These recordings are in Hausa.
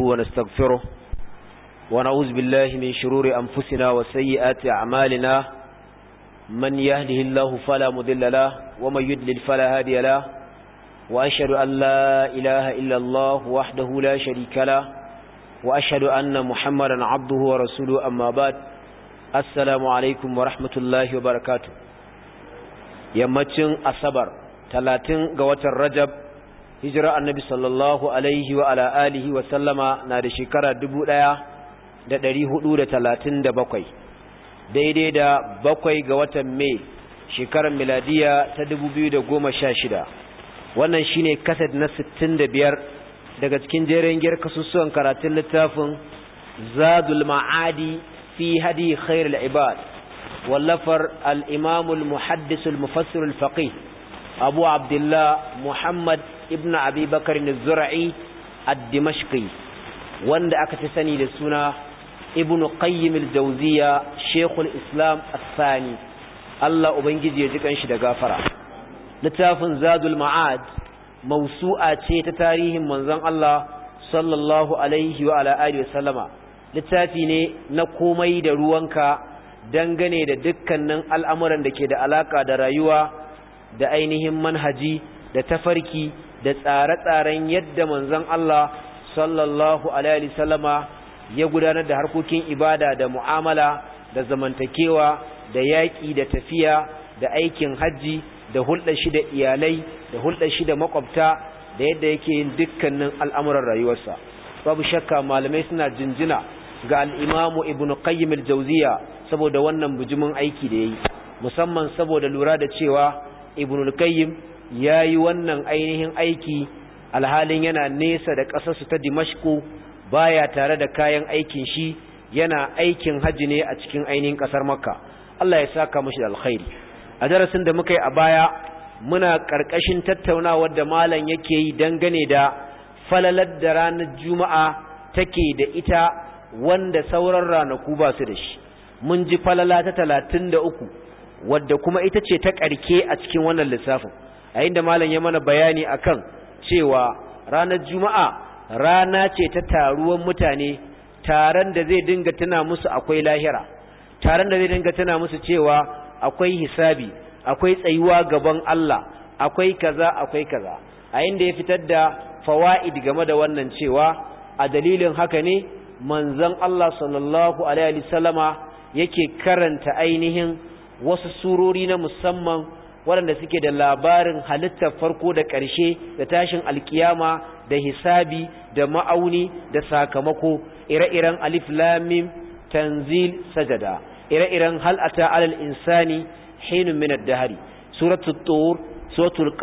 ونستغفره ونعوذ بالله من شرور أنفسنا وسيئات أعمالنا من يهده الله فلا مذل له ومن يدلل فلا هادي له وأشهد أن لا إله إلا الله وحده لا شريك له وأشهد أن محمدا عبده ورسوله أما بعد السلام عليكم ورحمة الله وبركاته يمتن أصبر 30 قوة الرجب Hijra annabi sallallahu alaihi wa ala wa sallama na da shekara 1437 daidai da bakwai ga watan mai shekarar miladiya ta 2016 wannan shine kaset na 65 daga cikin jerin giyar karatun littafin zadul ma'adi fi hadi khairul ibad wallafar al-imamul muhaddisul mufassirul faqih abu abdullah muhammad ibn abi bakar zura'i ad-dimashqi wanda aka fi sani da suna ibn qayyim al-jawziya shaykhul islam as-sani Allah ubangiji ya ji kanshi da gafara littafin zadul ma'ad mawsu'a ce ta tarihin manzon Allah sallallahu alaihi wa ala alihi wasallama littafi ne na komai da ruwanka dangane da dukkanin al'amuran da ke da alaka da rayuwa da ainihin manhaji da tafarki da tsare-tsaren yadda manzon Allah sallallahu alaihi wasallama ya gudanar da harkokin ibada da mu'amala da zamantakewa da yaƙi da tafiya da aikin hajji da hulɗa shi da iyalai da hulɗa shi da makwabta da yadda yake yin dukkanin al'amuran rayuwarsa babu shakka malamai suna jinjina ga al'imamu ibn qayyim al-jawziya saboda wannan bujumin aiki da yayi musamman saboda lura da cewa ibn qayyim ya yi wannan ainihin aiki alhalin yana nesa da ƙasarsu ta ba baya tare da kayan aikin shi yana aikin hajji ne a cikin ainihin ƙasar makka allah ya saka mashi da alkhairi a darasin da muka yi a baya muna ƙarƙashin tattaunawar da malam yake yi dangane da falalar da ranar juma'a take da ita wanda sauran ranaku ba su da shi mun ji falala ta talatin da uku wadda kuma ita ce ta ƙarke a cikin wannan lissafin a inda malam ya mana bayani akan cewa ranar juma'a rana ce ta taruwan mutane taron da zai dinga tuna musu akwai lahira taron da zai dinga tana musu cewa akwai hisabi akwai tsayuwa gaban Allah akwai kaza akwai kaza a inda ya fitar da fawaid game da wannan cewa a dalilin haka ne manzon Allah sallallahu alaihi wasallama yake karanta ainihin wasu surori na musamman waɗanda suke da labarin halittar farko da ƙarshe da tashin alkiyama da hisabi da ma'auni da sakamako ire-iren alif lamim tanzil sajada ire-iren Hal'ata alal insani hinun min Hari dahri suratul tur suratul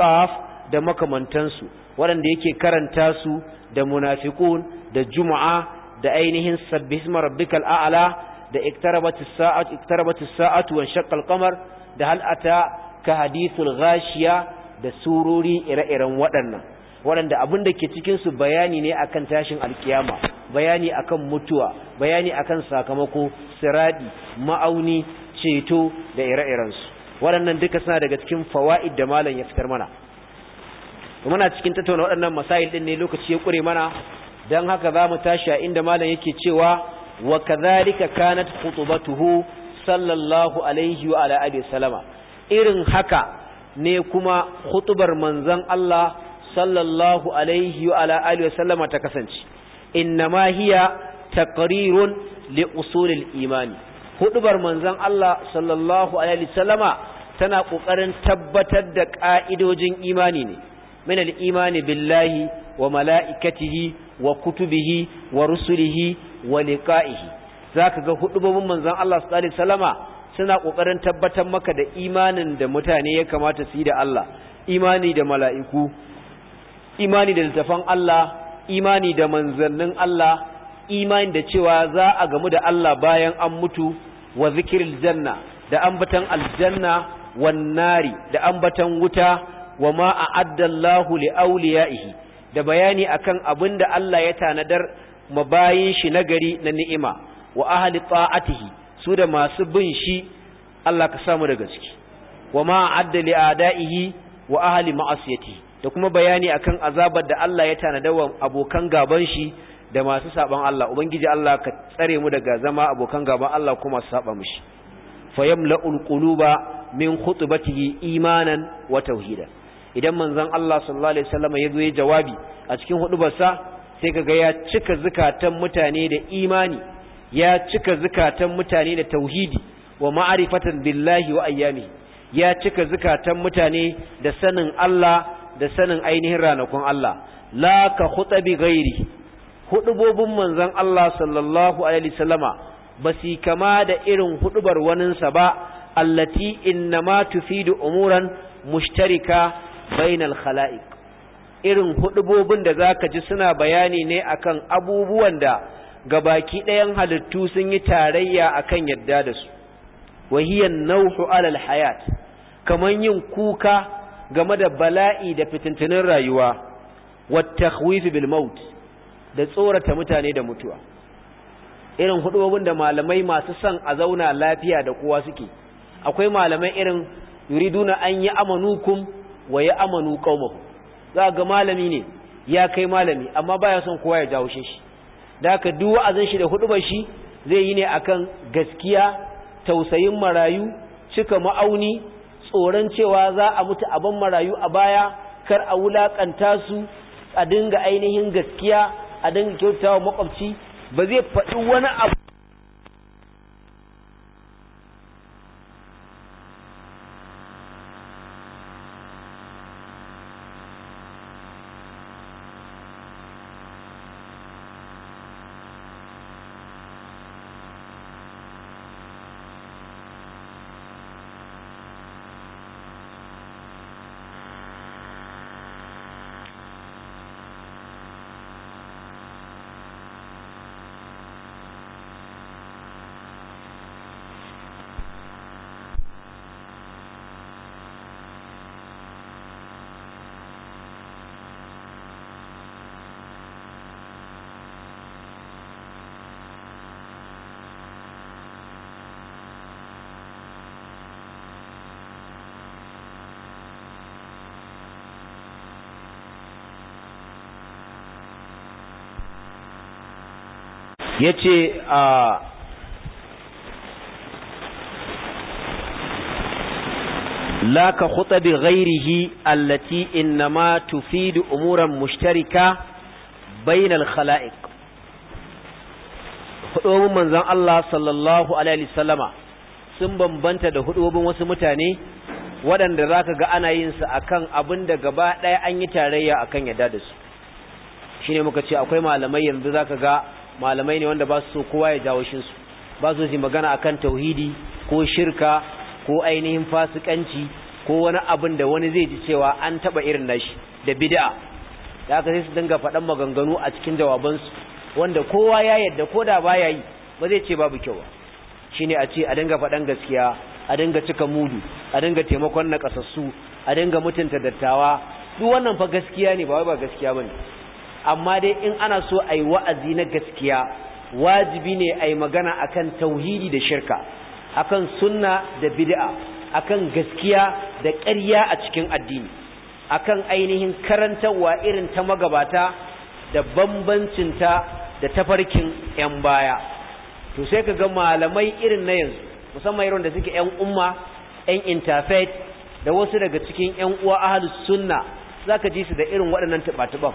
da makamantansu waɗanda yake karanta su da munafiqun da juma'a da ainihin sabbihisma rabbikal a'la da iktarabatis sa'atu wa da hal'ata. ka hadithul gashiya da surori ire-iren waɗannan waɗanda abin da ke cikinsu bayani ne akan tashin alkiyama bayani akan mutuwa bayani akan sakamako siradi ma'auni ceto da ire-irensu waɗannan duka suna daga cikin fawa'id da malam ya fitar mana muna cikin tattauna waɗannan masail ɗin ne lokaci ya ƙure mana don haka za mu tashi a inda malam yake cewa wa kadhalika kanat khutubatuhu sallallahu alaihi wa ala alihi salama irin haka ne kuma hutubar manzan Allah sallallahu alaihi wa ala alihi wa sallama ta kasance innama hiya taqrirun li usulil imani hudubar manzan Allah sallallahu alaihi wa sallama tana kokarin tabbatar da ka'idojin imani ne min al-imani billahi wa mala'ikatihi wa kutubihi wa rusulihi wa liqa'ihi zaka ga hudubobin manzan Allah sallallahu alaihi wa sallama suna ƙoƙarin tabbatar maka da imanin da mutane ya kamata su yi da Allah imani da mala'iku imani da littafan Allah imani da manzannin Allah imani da cewa za a gamu da Allah bayan an mutu wa zikirin janna da ambatan aljanna nari da ambatan wuta wa ma a addallahu li'auliya'ihi da bayani akan abin da Allah ya tanadar mabayin shi nagari na ni'ima wa ahli ta'atihi su da masu bin shi Allah ka samu daga ciki wa ma adda li adaihi wa ahli ma'asiyati da kuma bayani akan azabar da Allah ya tanada wa abokan gaban shi da masu saban Allah ubangiji Allah ka tsare mu daga zama abokan gaban Allah kuma su saba mishi fayamla'ul quluba min khutbatihi imanan wa tauhida idan manzon Allah sallallahu alaihi wasallam ya zo jawabi a cikin hudubarsa sai kaga ya cika zikatan mutane da imani ya cika zukatan mutane da tauhidi wa ma'arifatan billahi wa ayyami ya cika zukatan mutane da sanin Allah da sanin ainihin ranakun Allah la ka khutabi ghairi hudubobin manzon Allah sallallahu alaihi wasallama basi kama da irin hudubar waninsa ba allati innama tufidu umuran mushtarika bainal khalaiq irin hudubobin da zaka ji suna bayani ne akan abubuwan da ga baki ɗayan halittu sun yi tarayya akan yadda da su wahiyan nauhu alal hayat kamar yin kuka game da bala'i da fitintunin rayuwa wattakhwifi bil maut da tsorata mutane da mutuwa irin hudubobin da malamai masu son a zauna lafiya da kowa suke akwai malamai irin yuriduna an yi amanukum wa ya amanu qaumakum za ga malami ne ya kai malami amma baya son kowa ya jawo shi da haka duk wa'azin shi da hudubar shi zai yi ne akan gaskiya tausayin marayu cika ma'auni tsoron cewa za a mutu abin marayu a baya kar a wulaƙanta su a dinga ainihin gaskiya a dinga kyautawa makwabci ba zai faɗi wani abu yace a la ka khutabi ghairihi allati innama tufidu umuran mushtarika bainal khalaiq hudobin manzan Allah sallallahu alaihi wasallama sun bambanta da hudobin wasu mutane waɗanda zaka ga ana yin su akan abin da gaba ɗaya an yi tarayya akan yadda da su shine muka ce akwai malamai yanzu zaka ga malamai ne wanda ba su so kowa ya jawo su ba su su magana akan tauhidi ko shirka ko ainihin fasikanci ko wani abin da wani zai ji cewa an taba irin nashi da bid'a da aka sai su dinga faɗan maganganu a cikin jawabansu wanda kowa ya yadda ko da ba ya yi ba zai ce babu kyau shine a ce a dinga faɗan gaskiya a dinga cika mudu a dinga taimakon nakasassu a dinga mutunta dattawa duk wannan fa gaskiya ne ba wai ba gaskiya bane amma dai in ana so a yi wa'azi na gaskiya wajibi ne a yi magana akan tauhidi da shirka akan sunna da bid'a akan gaskiya da ƙarya a cikin addini akan ainihin karantarwa irin ta magabata da bambancinta da tafarkin 'yan baya to sai ka ga malamai irin na yanzu musamman irin da suke 'yan umma 'yan interfaith da wasu daga cikin 'yan uwa ahalus sunna za ka ji su da irin waɗannan tuba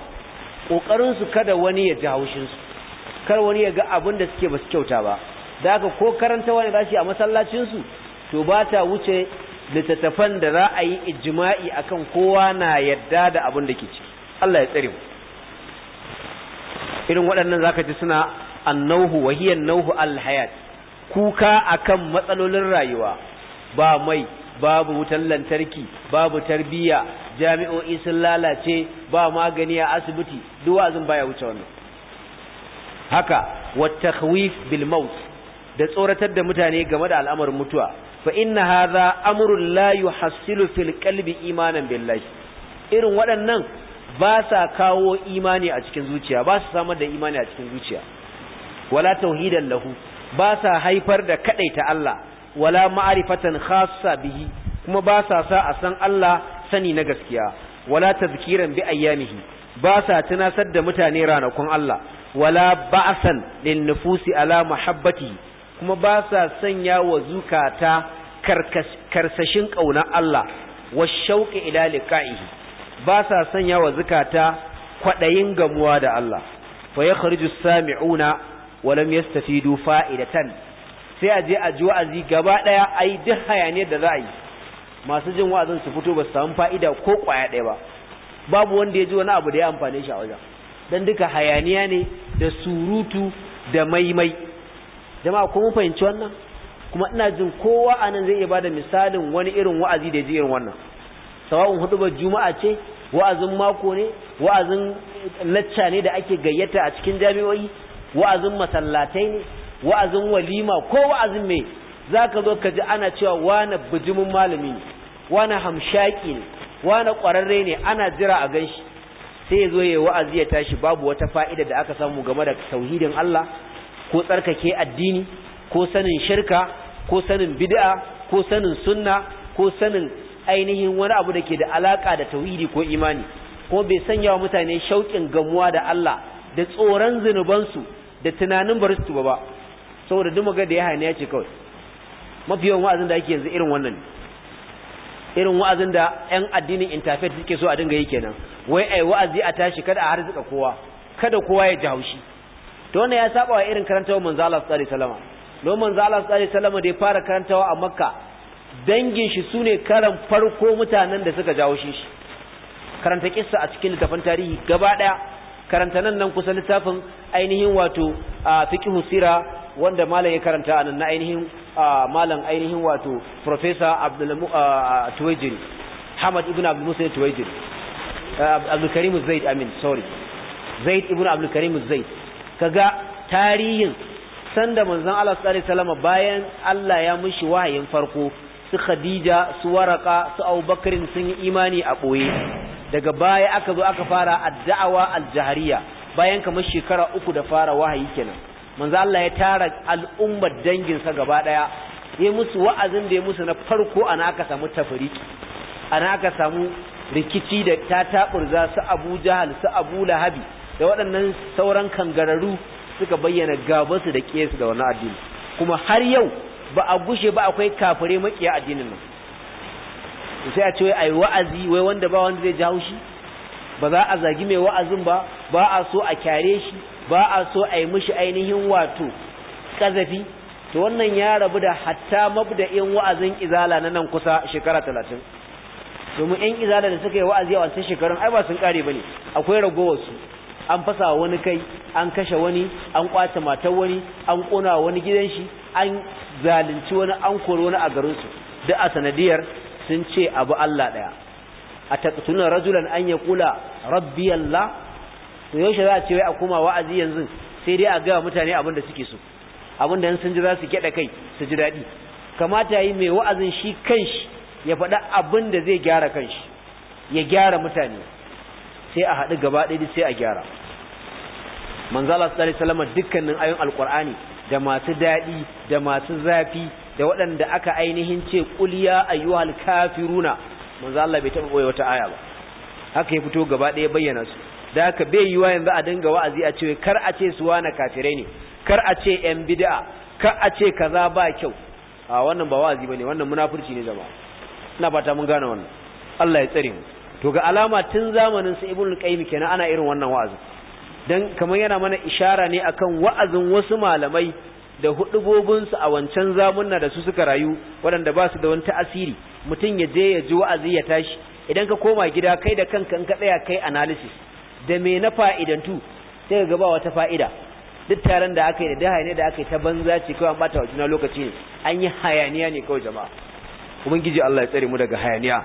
kokarin su kada wani ya ji haushinsu su kar wani ya ga abin da suke basu kyauta ba da aka ko karanta wani rashi a masallacinsu to ba ta wuce littattafan da za a yi ijma'i akan kowa na yadda da abin da ke ciki Allah ya tsare mu irin waɗannan zaka ji suna annauhu wahiyan nauhu alhayat kuka akan matsalolin rayuwa ba mai babu wutan lantarki babu tarbiyya jami'o'i sun lalace ba magani a asibiti duk wa'azin baya wuce wannan haka takhwif bil maut da tsoratar da mutane game da al'amarin mutuwa fa inna hadha amrun la yuhassilu fil qalbi imanan billahi irin waɗannan ba sa kawo imani a cikin zuciya ba su samar da imani a cikin zuciya wala tauhidan lahu ba sa haifar da kadaita Allah wala ma'arifatan khassa bihi kuma ba sa sa a san Allah sani na gaskiya wala tazkiran bi ayyamihi ba sa tunasar da mutane ranakun Allah wala ba'san lin nufusi ala muhabbati kuma ba sa sanya wa zukata karsashin kaunar Allah wa shauqi ila liqa'ihi ba sa sanya wa zukata kwadayin gamuwa da Allah fa yakhruju as-sami'una wa lam yastafidu fa'idatan sai a je a ji wa'azi gaba ɗaya a yi duk hayaniyar da za a yi masu jin wa'azin su fito ba su samu fa'ida ko kwaya ɗaya ba babu wanda ya ji wani abu da ya amfane shi a wajen don duka hayaniya ne da surutu da maimai jama'a ko mun fahimci wannan kuma ina jin kowa a nan zai iya bada misalin wani irin wa'azi da ji irin wannan sawa'un ba juma'a ce wa'azin mako ne wa'azin lacca ne da ake gayyata a cikin jami'o'i wa'azin masallatai ne wa'azin walima ko wa'azin mai zaka zo ka ji ana cewa wani bijimin malami ne wani hamshaki ne wani ƙwararre ne ana jira a ganshi sai zo ya wa'azi ya tashi babu wata fa'ida da aka samu game da tauhidin Allah ko tsarkake addini ko sanin shirka ko sanin bid'a ko sanin sunna ko sanin ainihin wani abu da ke da alaka da tauhidi ko imani ko bai sanya wa mutane shauƙin gamuwa da Allah da tsoron zunubansu da tunanin bari su ba saboda duk magana da ya ya ce kawai mafi yawan wa'azin da ake yanzu irin wannan irin wa'azin da yan addinin interfaith suke so a dinga yi kenan wai ai wa'azi a tashi kada a harzuka kowa kada kowa ya ji haushi to wannan ya saba wa irin karantawa manzo Allah sallallahu alaihi wasallam don manzo Allah sallallahu alaihi wasallam da ya fara karantawa a Makka dangin shi sune karan farko mutanen da suka jawo shi karanta kissa a cikin littafin tarihi gaba daya karanta nan nan kusa littafin ainihin wato a fiqhu sira wanda malam ya karanta a nan na ainihin malam ainihin wato professor Abdul Tuwajiri Hamad ibn Abdul Musa Tuwajiri Abdul Zaid amin sorry Zaid ibn Abdul Karim Zaid kaga tarihin sanda manzan Allah sallallahu alaihi wasallam bayan Allah ya mushi wahayin farko su Khadija su Waraka su abubakarin sun yi imani a ɓoye daga baya aka zo aka fara addawa aljahariya bayan kamar shekara uku da fara wahayi kenan manzo Allah ya tara al'ummar danginsa gaba daya ya musu wa'azin da ya musu na farko ana aka samu tafriki ana aka samu rikici da ta taburza su Abu Jahal su Abu Lahabi da waɗannan sauran kangararu suka bayyana gabansu da kiyasu da wannan addini kuma har yau ba a gushe ba akwai kafire makiya addinin nan sai a ce wai ai wa'azi wai wanda ba wanda zai ji haushi ba za a zagi mai wa'azin ba ba a so a kyare shi ba a so a yi mishi ainihin wato kazafi to wannan ya rabu da hatta mabda'in wa'azin izala na nan kusa shekara talatin domin yan izala da suka yi wa'azi a wancan shekarun ai ba sun kare ba ne. akwai ragowarsu an fasa wani kai an kashe wani an kwace matar wani an kona wani gidan shi an zalunci wani an kori wani a garinsu Da a sanadiyar sun ce abu Allah daya a taqtuna rajulan an kula rabbi Allah to yaushe za a ce wai a koma wa'azi yanzu sai dai a ga mutane abin da suke so abin da sun ji za su kyada kai su ji daɗi kamata yi mai wa'azin shi kanshi ya faɗa abin da zai gyara kanshi ya gyara mutane sai a haɗu gaba ɗaya sai a gyara manzala sallallahu alaihi wasallam dukkanin ayoyin alqur'ani da masu daɗi da masu zafi da waɗanda aka ainihin ce qul ya ayyuhal kafiruna manzo Allah bai taɓa ɓoye wata aya ba haka ya fito gaba ɗaya bayyana su da haka bai yi yiwa yanzu a dinga wa'azi a ce kar a ce suwa na kafirai ne kar a ce yan bid'a kar a ce kaza ba kyau a wannan ba wa'azi bane wannan munafurci ne jama'a ina fata mun gane wannan Allah ya tsare mu to ga alama tun zamanin su ibnu qayyim kenan ana irin wannan wa'azi dan kamar yana mana ishara ne akan wa'azin wasu malamai da su a wancan zamunna da su suka rayu waɗanda ba su da wani ta'asiri mutum ya je ya ji wa'azi ya tashi idan ka koma gida kai da kanka in ka tsaya kai analysis da me na fa'idantu sai ga ba wata fa'ida duk taron da aka yi da hayaniya da aka yi ta banza ce kawai an bata wa juna lokaci ne an yi hayaniya ne kawai jama'a ubangiji Allah ya tsare mu daga hayaniya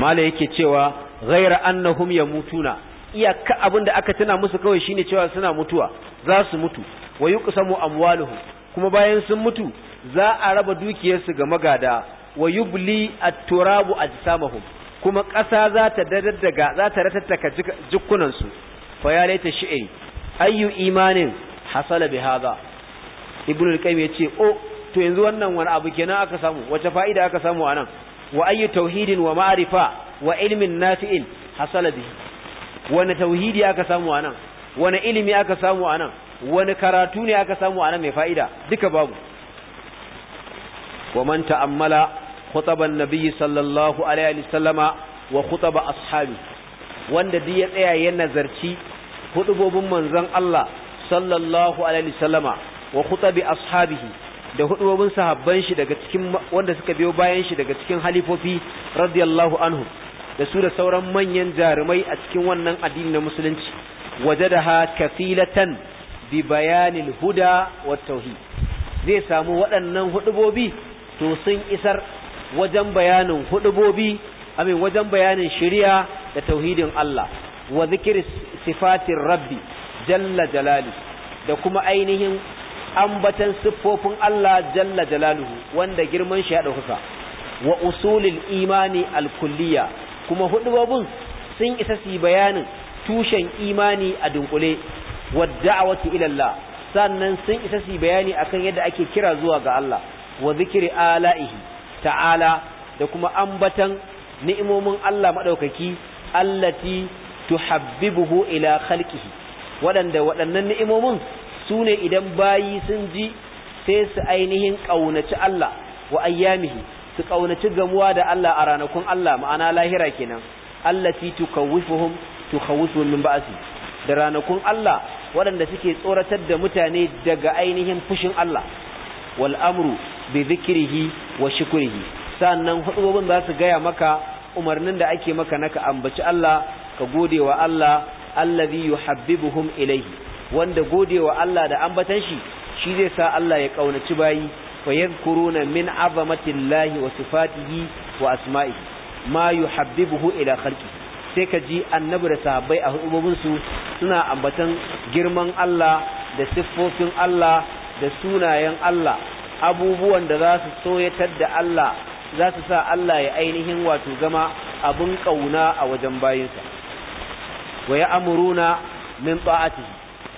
mala yake cewa ghaira annahum yamutuna iyaka abin da aka tana musu kawai shine cewa suna mutuwa za su mutu wa yuqsamu amwaluhum kuma bayan sun mutu za a raba dukiyarsu ga magada wa yubli at-turabu ajsamahum kuma ƙasa za ta dadaddaga za ta ratattaka jikunansu fa ya laita shi'iri ayyu imanin hasala bi hadha ibnu al-qayyim yace o oh, to yanzu wannan wani abu kenan aka samu wace fa'ida aka samu anan wa ayyu tauhidin wa ma'rifa wa ilmin nafi'in hasala bi wani tauhidi aka samu anan wani ilimi aka samu anan wani karatu ne aka samu anan mai fa'ida duka babu wa man ta'ammala خطب النبي صلى الله عليه وسلم وخطب أصحابه wanda duk ya tsaya ya nazarci hudubobin manzon Allah sallallahu alaihi wasallama wa khutabi ashabihi da hudubobin sahabban shi daga cikin wanda suka biyo bayan shi daga cikin halifofi radiyallahu anhu da su da sauran manyan jarumai a cikin wannan addini na musulunci wajadaha kafilatan bi bayanil huda wat tauhid zai samu waɗannan hudubobi to sun isar wajen bayanin hudubobi amin wajen bayanin shari'a da tauhidin Allah wa zikir sifatin rabbi jalla jalali da kuma ainihin ambatan siffofin Allah jalla jalaluhu wanda girman shi ya dauka wa usulil imani al-kulliya kuma hudubobin sun isa su bayanin tushen imani a dunkule wa da'awati ila Allah sannan sun isa su bayani akan yadda ake kira zuwa ga Allah wa zikri ala'ihi ta'ala da kuma ambatan ni'imomin Allah madaukaki allati tuhabbibuhu ila khalqihi waɗanda waɗannan ni'imomin sune idan bayi sun ji sai su ainihin kaunaci Allah wa ayyamihi su kaunaci gamuwa da Allah a ranakun Allah ma'ana lahira kenan allati tukawwifuhum tukawwifuhum min ba'si da ranakun Allah waɗanda suke tsoratar da mutane daga ainihin fushin Allah Wal'amru amru bi dhikrihi wa shukrihi sannan hudubobin za su gaya maka umarnin da ake maka naka ambaci Allah ka gode wa Allah allazi yuhabbibuhum ilayhi wanda gode wa Allah da ambatan shi shi zai sa Allah ya kaunaci bayi fa yadhkuruna min azamatillahi wa sifatihi wa asma'ihi ma yuhabbibuhu ila khalqihi sai ka ji annabi da sahabbai a su suna ambatan girman Allah da siffofin Allah da sunayen Allah abubuwan da za su soyatar da Allah za su sa Allah ya ainihin wato zama abin ƙauna a wajen bayinsa wa ya amuruna min ba'ati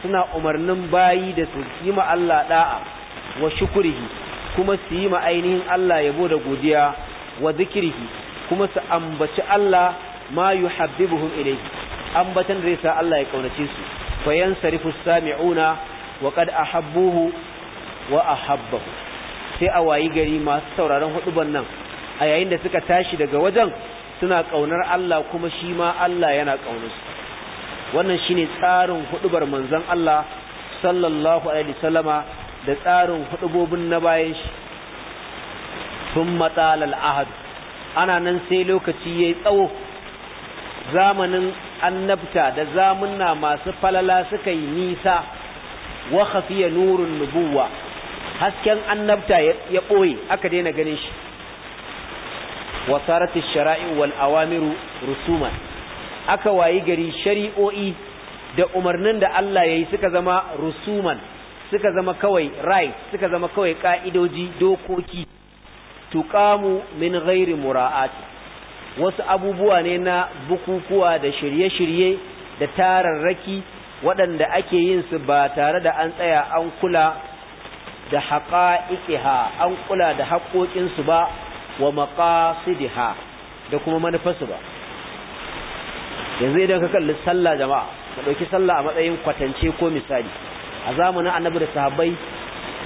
suna umarnin bayi da su yi ma Allah da'a wa shukurihi kuma su yi ma ainihin Allah yabo da godiya wa zikirihi kuma su ambaci Allah ma yuhabbibuhum ilayhi ambatan da zai sa Allah ya kaunace su fa yansarifu sami'una wa Ahabuhu ahabbuhu wa ahabbahu sai a wayi gari masu sauraron huduban nan a yayin da suka tashi daga wajen suna kaunar Allah kuma shi ma Allah yana kaunar su wannan shine tsarin hudubar manzon Allah sallallahu alaihi wasallama da tsarin hudubobin na bayan shi sun matsalar ahad ana nan sai lokaci ya tsawo zamanin annabta da zamunna masu falala suka yi nisa wa khafiya nurun nubuwa hasken annabta ya ɓoye aka daina ganin shi wa sarati shara'i wal awamiru rusuman aka wayi gari shari'o'i da umarnin da Allah yayi suka zama rusuman suka zama kawai right suka zama kawai ka'idoji dokoki tuqamu min ghairi mura'ati wasu abubuwa ne na bukukuwa da shirye-shirye da tararraki waɗanda ake yin su ba tare da an tsaya an kula da haqa'iqiha an kula da haƙoƙinsu ba wa maƙasidiha da kuma manufarsu ba yanzu idan ka kalli sallah jama'a ka ɗauki sallah a matsayin kwatance ko misali a zamanin annabi da sahabbai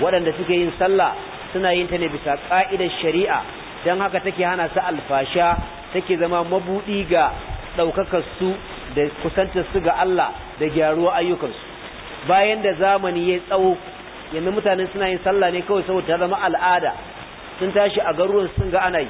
waɗanda suke yin sallah suna yin ta ne bisa ƙa'idar shari'a don haka take hana su alfasha take zama mabuɗi ga ɗaukakar su da kusantar su ga Allah da gyaruwa ayyukansu bayan da zamani ya tsawo yanzu mutane suna yin sallah ne kawai saboda ta zama al'ada sun tashi a garuruwan sun ga ana yi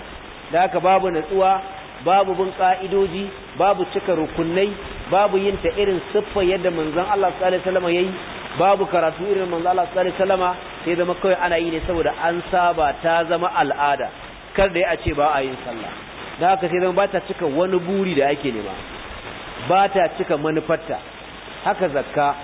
da haka babu natsuwa babu bin ka'idoji babu cika rukunai babu yin ta irin siffa yadda manzon Allah sallallahu alaihi wasallam yayi babu karatu irin manzon Allah sallallahu alaihi wasallam sai zama kawai ana yi ne saboda an saba ta zama al'ada kar da ya ce ba a yin sallah da haka sai zama ba ta cika wani buri da ake nema ba ta cika manufarta haka zakka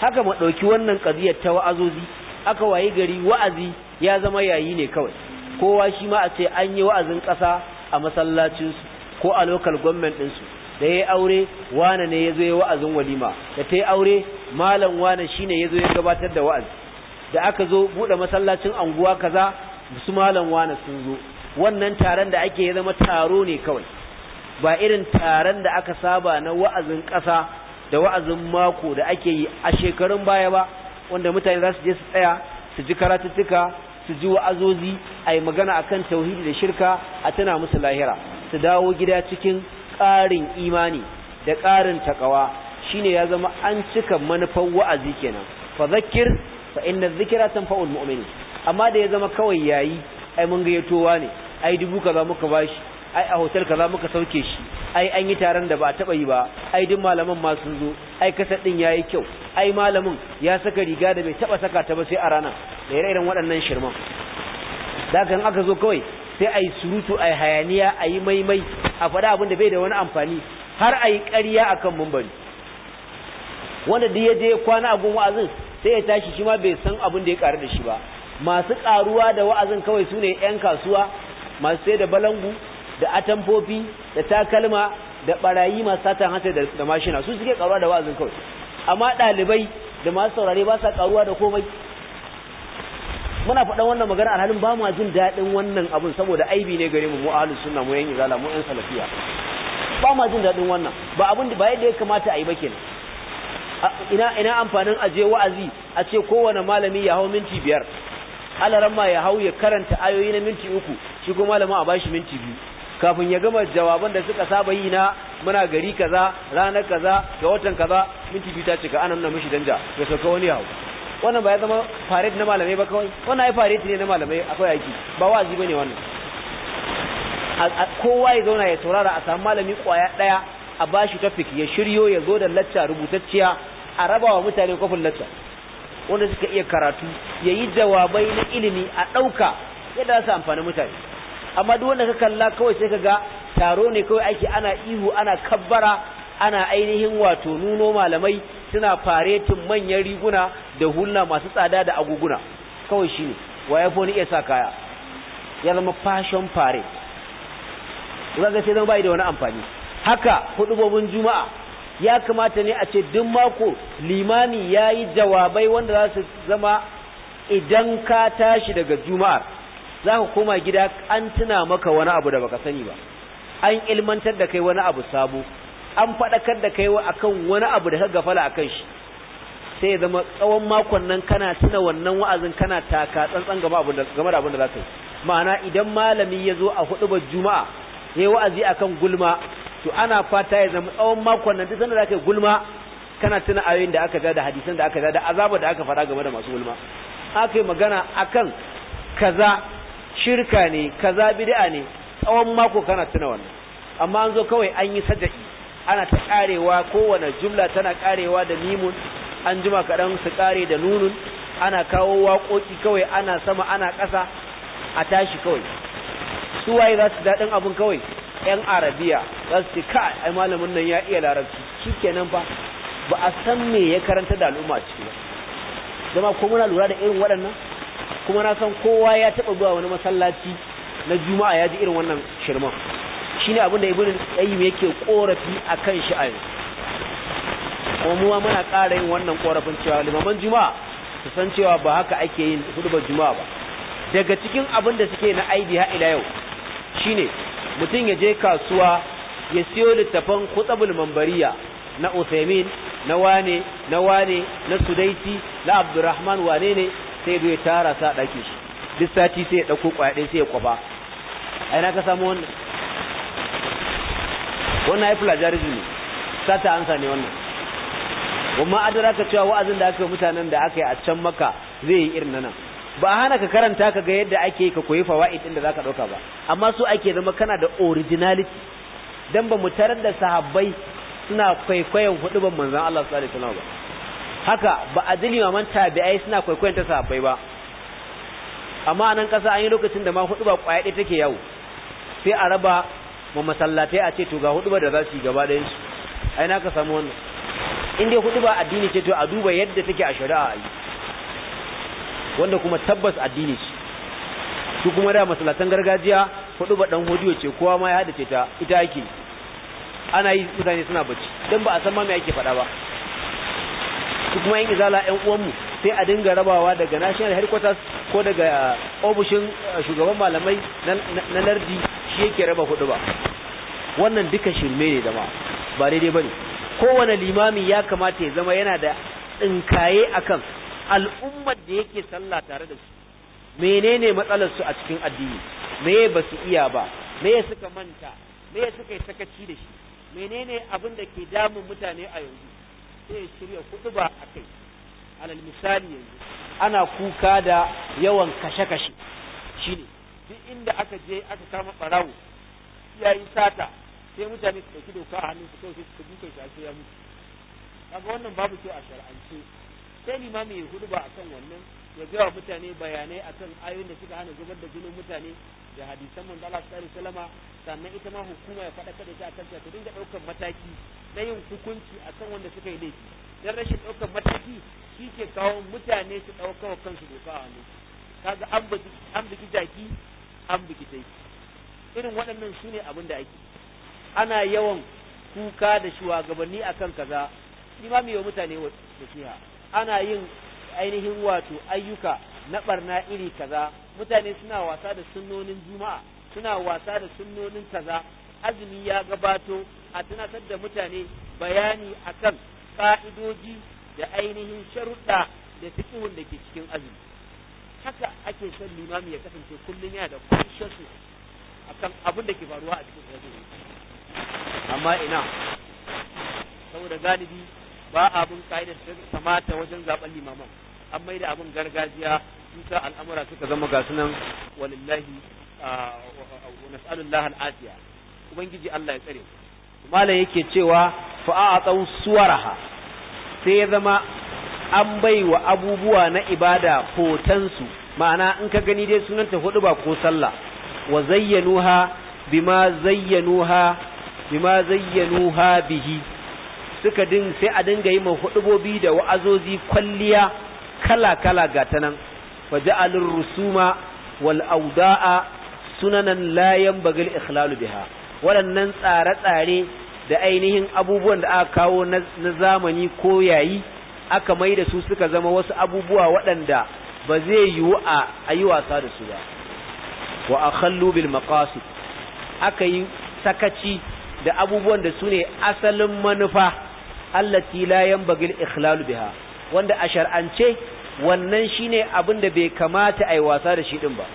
haka mu ɗauki wannan ƙaziyar ta wa'azozi aka wayi gari wa'azi ya zama yayi ne kawai kowa shi ma a ce an yi wa'azin ƙasa a masallacinsu ko a lokal gwamnan ɗinsu da ya yi aure wane ne ya zo ya wa'azin walima da ta yi aure malam wane shi ne ya zo ya gabatar da wa'azi da aka zo buɗe masallacin anguwa kaza su malam wane sun zo wannan taron da ake ya zama taro ne kawai ba irin taron da aka saba na wa'azin ƙasa da wa'azin mako da ake yi a shekarun baya ba wanda mutane za su je su tsaya su ji karatuttuka su ji wa'azozi a yi magana akan tauhidi da shirka a tana musu lahira su dawo gida cikin ƙarin imani da ƙarin takawa shine ya zama an cika manufan wa'azi kenan fa zakir fa inna dhikra tanfa'ul mu'minin amma da ya zama kawai yayi ai mun gayyato ne ai dubu kaza muka bashi ai a hotel kaza muka sauke shi ai an yi taron da ba a taba yi ba ai duk malaman ma sun zo ai kasar din yayi kyau ai malamin ya saka riga da bai taba saka ta ba sai a rana da ire-iren waɗannan shirman daga aka zo kawai sai ai surutu ai hayaniya ai maimai a faɗa abin da bai da wani amfani har ai ƙarya akan mumbari wanda duk ya je kwana a gun wa'azin sai ya tashi shi ma bai san abin da ya karu da shi ba masu ƙaruwa da wa'azin kawai su ne 'yan kasuwa masu sai da balangu da atamfofi da takalma da barayi masu satan hasa da mashina su suke karuwa da wa'azin kawai amma ɗalibai da masu saurare ba sa karuwa da komai muna faɗan wannan magana alhalin ba mu jin daɗin wannan abun saboda aibi ne gare mu mu ahlus sunna mu yan izala mu yan salafiya ba mu jin daɗin wannan ba abin ba yadda ya kamata a yi ba kenan ina ina amfanin aje wa'azi a ce kowane malami ya hau minti biyar alaramma ma ya hau ya karanta ayoyi na minti uku shi kuma malama a bashi minti biyu kafin ya gama jawaban da suka saba yi na muna gari kaza ranar kaza ga watan kaza minti biyu ta cika ana nuna mishi danja ya sauka wani hau wannan ba ya zama faret na malamai ba kawai wannan ai faret ne na malamai akwai aiki ba wazi bane wannan kowa ya zauna ya saurara a samu malami kwaya daya a bashi topic ya shiryo ya zo da lacca rubutacciya a raba wa mutane kofin lacca wanda suka iya karatu ya yi jawabai na ilimi a ɗauka yadda za su amfani mutane amma duk wanda ka kalla kawai sai ka ga taro ne kawai ake ana ihu ana kabbara ana ainihin wato nuno malamai suna faretin manyan riguna da hula masu tsada da aguguna kawai ne wa ya ni iya sa kaya ya zama fashion fare ga sai zama bai da wani amfani haka hudu babun juma'a ya kamata ne a ce duk mako limami yayi jawabai wanda za su zama idan ka tashi daga juma'ar za ka koma gida an tuna maka wani abu da baka sani ba an ilmantar da kai wani abu sabo an faɗakar da kai akan wani abu da ka gafala akan shi sai ya zama tsawon makon nan kana tuna wannan wa'azin kana taka tsantsan game abu da game da abin da za ka yi ma'ana idan malami ya zo a ba juma'a yi wa'azi akan gulma to ana fata ya zama tsawon makon nan duk sanda za ka yi gulma kana tuna ayoyin da aka da hadisan da aka da azabar da aka faɗa game da masu gulma aka yi magana akan kaza shirka ne kaza bid'a ne tsawon mako kana tuna wannan amma an zo kawai an yi sajai ana ta karewa kowane jumla tana karewa da mimun an jima kaɗan su kare da nunun ana kawo waƙoƙi kawai ana sama ana ƙasa a tashi kawai su waye za su daɗin abin kawai yan arabiya za su ce ka ai malamin nan ya iya larabci shikenan fa ba a san me ya karanta da al'umma ciki ba zama ko muna lura da irin waɗannan kuma na san kowa ya taba zuwa wani masallaci na juma'a ya ji irin wannan shirman shine abin da ibnu qayyim yake korafi akan shi a kan kuma muwa muna ƙara yin wannan korafin cewa limaman juma'a su san cewa ba haka ake yin hudubar juma'a ba daga cikin abin da suke na aibi ha ila yau shine mutum ya je kasuwa ya siyo littafan kutsabul mambariya na Uthaymin na wane na wane na Sudaiti na Abdurrahman wane ne sai zai tara sa ɗake shi duk sati sai ya ɗauko kwaɗe sai ya kwafa a ina ka samu wannan wannan ya plagiarism ne sata ansa ne wannan kuma adara ka cewa wa'azin da aka yi mutanen da aka yi a can maka zai yi irin nan ba a hana ka karanta ka ga yadda ake ka koyi fawaid din da zaka dauka ba amma su ake zama kana da originality dan ba mu tarar da sahabbai suna kwaikwayon ban manzon Allah sallallahu alaihi wasallam ba haka ba a ji limaman tabi'ai suna kwaikwayon ta sahabbai ba amma a nan ƙasa an yi lokacin da ma hudu ba kwaya ɗaya take yawo sai a raba ma masallatai a ce to ga hudu da za su yi gaba ɗayan su ai na ka samu wannan in dai hudu addini ce to a duba yadda take a shari'a a yi wanda kuma tabbas addini ce su kuma da masallatan gargajiya hudu ba dan hodiyo ce kowa ma ya hada ce ta ita yake ana yi mutane suna bacci dan ba a san ma me ake faɗa ba su kuma yan izala yan uwanmu sai a dinga rabawa daga national headquarters ko daga uh, ofishin uh, shugaban malamai na lardi shi yake raba hudu ba wannan duka shirme ne dama ba daidai ba ne kowane limami ya kamata ya zama yana da tsinkaye a kan al'ummar da yake sallah tare da su menene matsalar su a cikin addini me ba su iya ba meye suka manta meye suka yi sakaci da shi menene abin da ke damun mutane a yanzu sai shirya kuɗi ba a kai alal misali yanzu ana kuka da yawan kashe-kashe shine duk inda aka je aka kama barawo ya yi sata sai mutane su ɗauki doka a hannun su kawai sai su duka shi ya mutu kaga wannan babu kyau a shar'ance sai ma ya hudu ba akan wannan ya gaya wa mutane bayanai akan ayoyin da suka hana zubar da jinin mutane da hadisan manzo Allah sallallahu alaihi wasallama sannan ita ma hukuma ya faɗa kada ta akan ta dinga ɗaukar mataki na yin hukunci akan wanda suka yi laifi dan rashin ɗaukar mataki shi ke kawo mutane su ɗauka wa kansu doka a hannu kaga an biki jaki an biki sai irin waɗannan su ne abin da ake ana yawan kuka da shugabanni akan kaza ma wa mutane nasiha ana yin ainihin wato ayyuka na barna iri kaza mutane suna wasa da sunnonin juma'a suna wasa da sunnonin kaza azumi ya gabato a tunatar da mutane bayani akan ka'idoji da ainihin sharuɗa da fiqhun da ke cikin azumi haka ake son limami ya kasance kullum yana da a kan abin da ke faruwa a cikin azumi amma ina saboda galibi ba abin ka'idar da kamata wajen zaɓen limaman an mai da abin gargajiya tuta al'amura suka zama gasunan sunan walillahi wa nas'alullahi al'afiya ubangiji Allah ya tsare malam yake cewa fa a suwaraha sai ya zama an bai wa abubuwa na ibada hotonsu ma'ana in ka gani dai sunanta hudu ba ko sallah wa zayyanuha bima zayyanuha bima zayyanuha bihi suka din sai a dinga yi man hudubobi da wa'azozi kwalliya kala kala ga ta nan wa ja'alur rusuma wal awda'a sunanan layan bagil ikhlalu biha waɗannan tsare-tsare da ainihin abubuwan da aka kawo na zamani ko yayi aka mai da su suka zama wasu abubuwa waɗanda ba zai yiwu a yi wasa da su ba wa kallu bil makasu aka yi sakaci da abubuwan da su ne asalin manufa Allah la bagil ikhlalu biha wanda a shar'ance wannan shine abin da bai kamata a yi wasa da shi din ba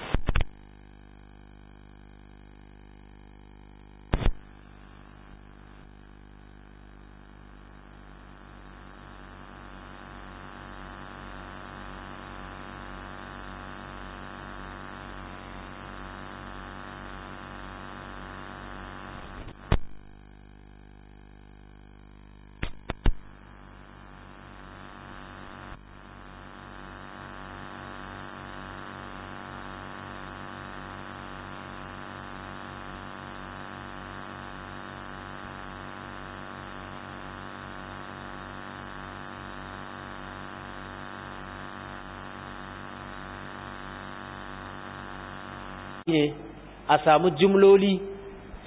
a samu jimloli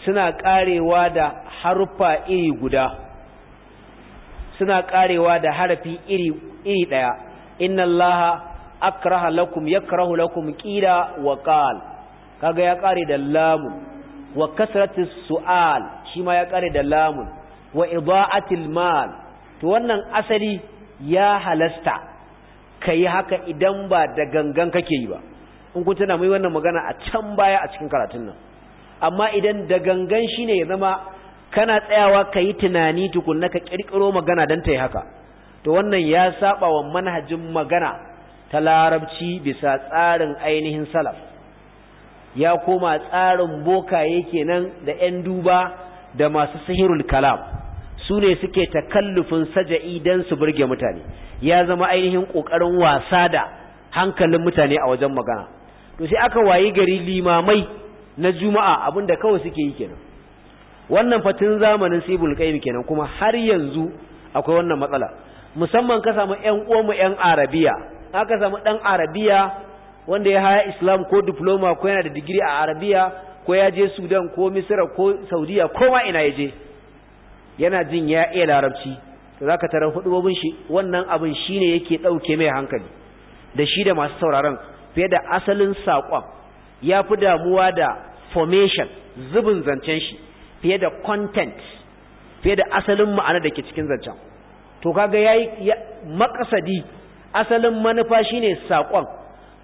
suna ƙarewa da haruffa iri guda suna ƙarewa da harafi iri iri daya inna allaha akraha lakum yakrahu lakum qila wa qal kaga ya ƙare da Lamu, wa kasratis su'al shi ma ya ƙare da lamun wa ida'atil mal to wannan asali ya halasta kai haka idan ba da gangan kake yi ba in kun tana mai wannan magana a can baya a cikin karatun nan amma idan da gangan shi ne ya zama kana tsayawa ka yi tunani tukunna ka ƙirƙiro magana don ta yi haka to wannan ya saba wa manhajin magana ta larabci bisa tsarin ainihin salaf ya koma tsarin bokaye kenan da 'yan duba da masu sihirul kalam su ne suke takallufin saja'i don su burge mutane ya zama ainihin ƙoƙarin wasa da hankalin mutane a wajen magana to sai aka wayi gari limamai na juma'a abinda kawai suke yi kenan wannan fatin zamanin sibul qayyim kenan kuma har yanzu akwai wannan matsala musamman ka samu ƴan mu ƴan arabiya aka samu ɗan arabiya wanda ya haya islam ko diploma ko yana da digiri a arabiya ko ya je sudan ko misira ko saudiya ko ma ina ya je yana jin ya iya larabci to zaka tarar hudubobin shi wannan abin shine yake ɗauke mai hankali da shi da masu sauraron fiye da asalin saƙon ya fi damuwa da formation zubin zancen shi fiye da content fiye da asalin ma'ana da ke cikin zancen to kaga yayi makasadi asalin manufa shi ne saƙon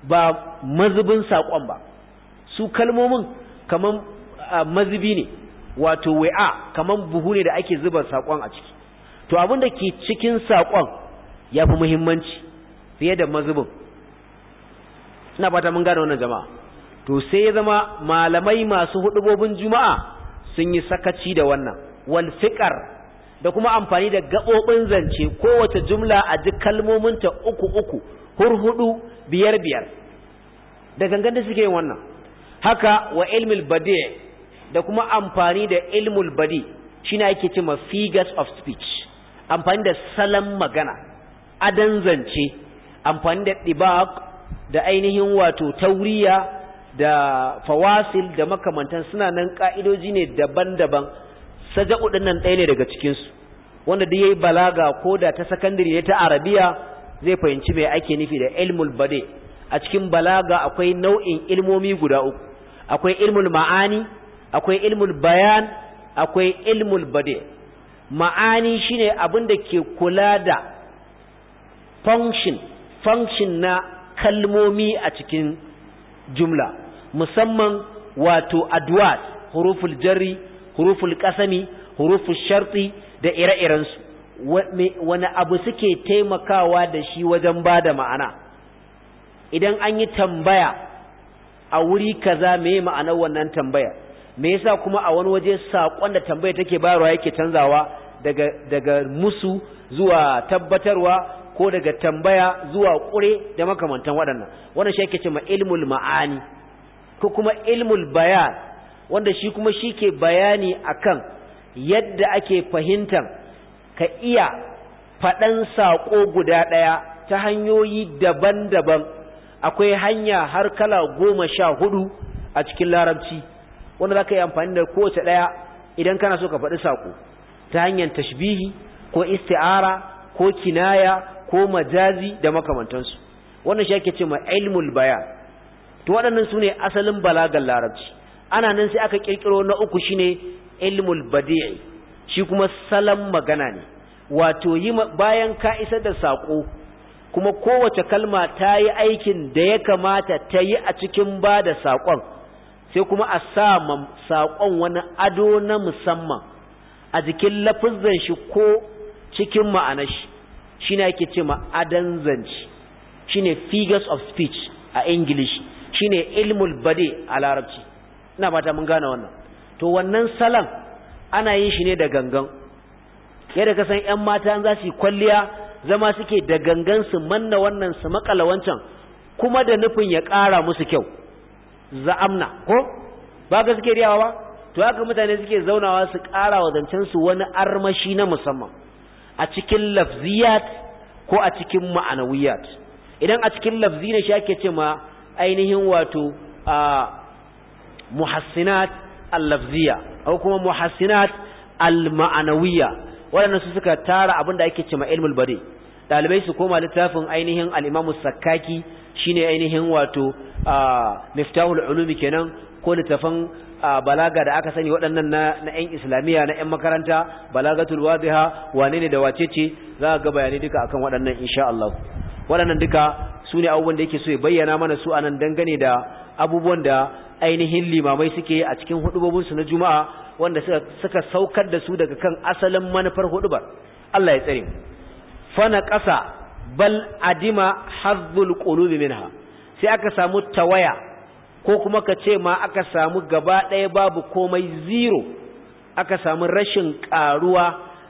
ba mazubin saƙon ba su kalmomin kamar mazubi ne wato wai'a kamar buhu ne da ake zuba saƙon a ciki to abin da ke cikin saƙon ya fi muhimmanci fiye da mazubin ina fata mun gane wannan jama'a to sai ya zama malamai masu hudubobin juma'a sun yi sakaci da wannan wal fiqar da kuma amfani da gabobin zance kowace jumla a ji ta uku uku hurhudu biyar biyar da gangan da suke yin wannan haka wa ilmul badi da kuma amfani da ilmul badi shine ake cewa figures of speech amfani da salon magana adan zance amfani da dibaq da ainihin wato tauriya da fawasil da makamantan suna nan ka'idoji ne daban-daban saja'u nan ɗaya ne daga cikinsu wanda ya yi balaga ko da ta sakandare ne ta arabiya zai fahimci mai ake nufi da ilmul bade a cikin balaga akwai nau'in ilmomi guda uku akwai ilmul ma'ani akwai ilmul bayan akwai ilmul bade ma'ani shine abin da ke kula da function function na kalmomi a cikin jumla musamman wato adwat huruful jarri huruful kasami huruful sharti da ire-irensu wani abu suke taimakawa da shi wajen ba da ma'ana idan an yi tambaya a wuri kaza me ma'anar wannan tambaya me yasa kuma a wani waje saƙon da tambaya take bayarwa yake canzawa daga musu zuwa tabbatarwa ko daga tambaya zuwa ƙure da makamantan waɗannan wannan shi ake cewa ilmul ma'ani ko kuma ilmul bayan wanda shi kuma shi ke bayani akan yadda ake fahimtar ka iya faɗan saƙo guda ɗaya ta hanyoyi daban-daban akwai hanya har kala goma sha hudu a cikin larabci wanda za ka yi amfani da kowace ɗaya idan kana so ka faɗi saƙo ta hanyar tashbihi ko isti'ara ko kinaya ko majazi da makamantansu wannan shi ake ce ilmul bayan to waɗannan sune ne asalin balagar larabci ana nan sai aka ƙirƙiro na uku shine ilmul badi'i shi kuma salam magana ne wato yi bayan ka isar da saƙo kuma kowace kalma ta yi aikin da ya kamata ta yi a cikin ba da saƙon sai kuma a sa saƙon wani ado na musamman a jikin lafizan shi ko cikin ma'anar shi shine ake ce maadan zance shine figures of speech a english shine ilmul bade a larabci ina fata mun gane wannan to wannan salan ana yin shi ne da gangan yadda ka san yan mata za su yi kwalliya zama suke da gangan su manna wannan su makala wancan kuma da nufin ya ƙara musu kyau za'amna ko ba ka suke riyawa ba to haka mutane suke zaunawa su ƙara wa zancen su wani armashi na musamman a cikin lafziyat ko a cikin ma'anawiyat idan a cikin lafzi ne shi ake ce ma ainihin wato muhassinat al-lafziya ko kuma muhassinat al-ma'anawiyya waɗannan su suka tara abin da ake ce ma ilmul bari dalibai su koma littafin ainihin al-imamu shine ainihin wato miftahul ulumi kenan ko littafin A balaga da aka sani waɗannan na yan islamiyya na yan makaranta balagatul wadiha wane ne da wace ce za ga bayanai duka akan waɗannan insha Allah waɗannan duka su ne abubuwan da yake so ya bayyana mana su a nan dangane da abubuwan da ainihin limamai suke a cikin hudubobinsu na juma'a wanda suka saukar da su daga kan asalin manufar hudubar Allah ya tsare fana ƙasa bal adima hazzul qulubi minha sai aka samu tawaya ko kuma ka ce ma aka samu gaba ɗaya babu komai zero aka samu rashin ƙaruwa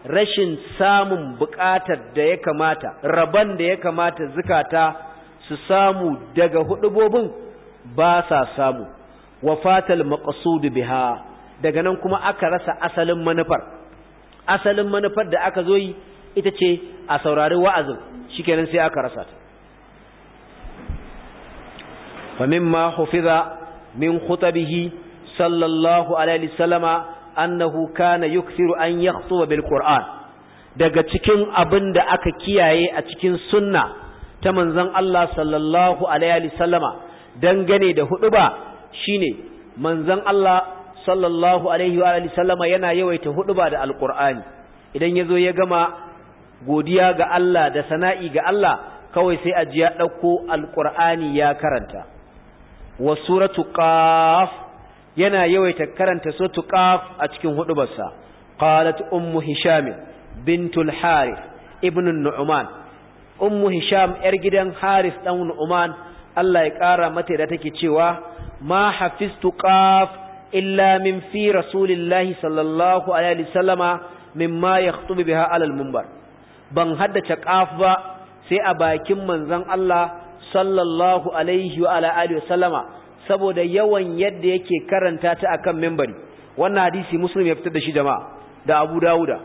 rashin samun buƙatar da ya kamata rabon da ya kamata zukata su samu daga hudubobin ba sa samu wa fatal maqsud biha daga nan kuma aka rasa asalin manufar asalin manufar da aka zo yi ita ce a saurari wa'azin shi shikenan sai aka rasa ta فمما حفظ من خطبه صلى الله عليه وسلم أنه كان يكثر أن يخطب بالقرآن daga cikin abin da aka kiyaye a cikin sunna ta manzon Allah sallallahu alaihi sallama dangane da huduba shine manzon Allah sallallahu alaihi wa sallama yana yawaita huduba da alqur'ani idan yazo ya gama godiya ga Allah da sana'i ga Allah kawai sai ajiya dauko alqur'ani ya karanta wa suratu qaf yana yawaita karanta suratu qaf a cikin hudubarsa qalat ummu hisham bintul harith ibn nu'man ummu hisham yar gidan harith dan nu'man Allah ya kara mata da take cewa ma hafistu qaf illa min fi rasulillahi sallallahu alaihi wasallama mimma yakhtubu biha alal munbar ban haddace qaf ba sai a bakin manzon Allah sallallahu alaihi wa ala alihi sallama saboda yawan yadda yake karanta ta akan minbari wannan hadisi muslim ya fitar da shi jama'a da Abu Dawuda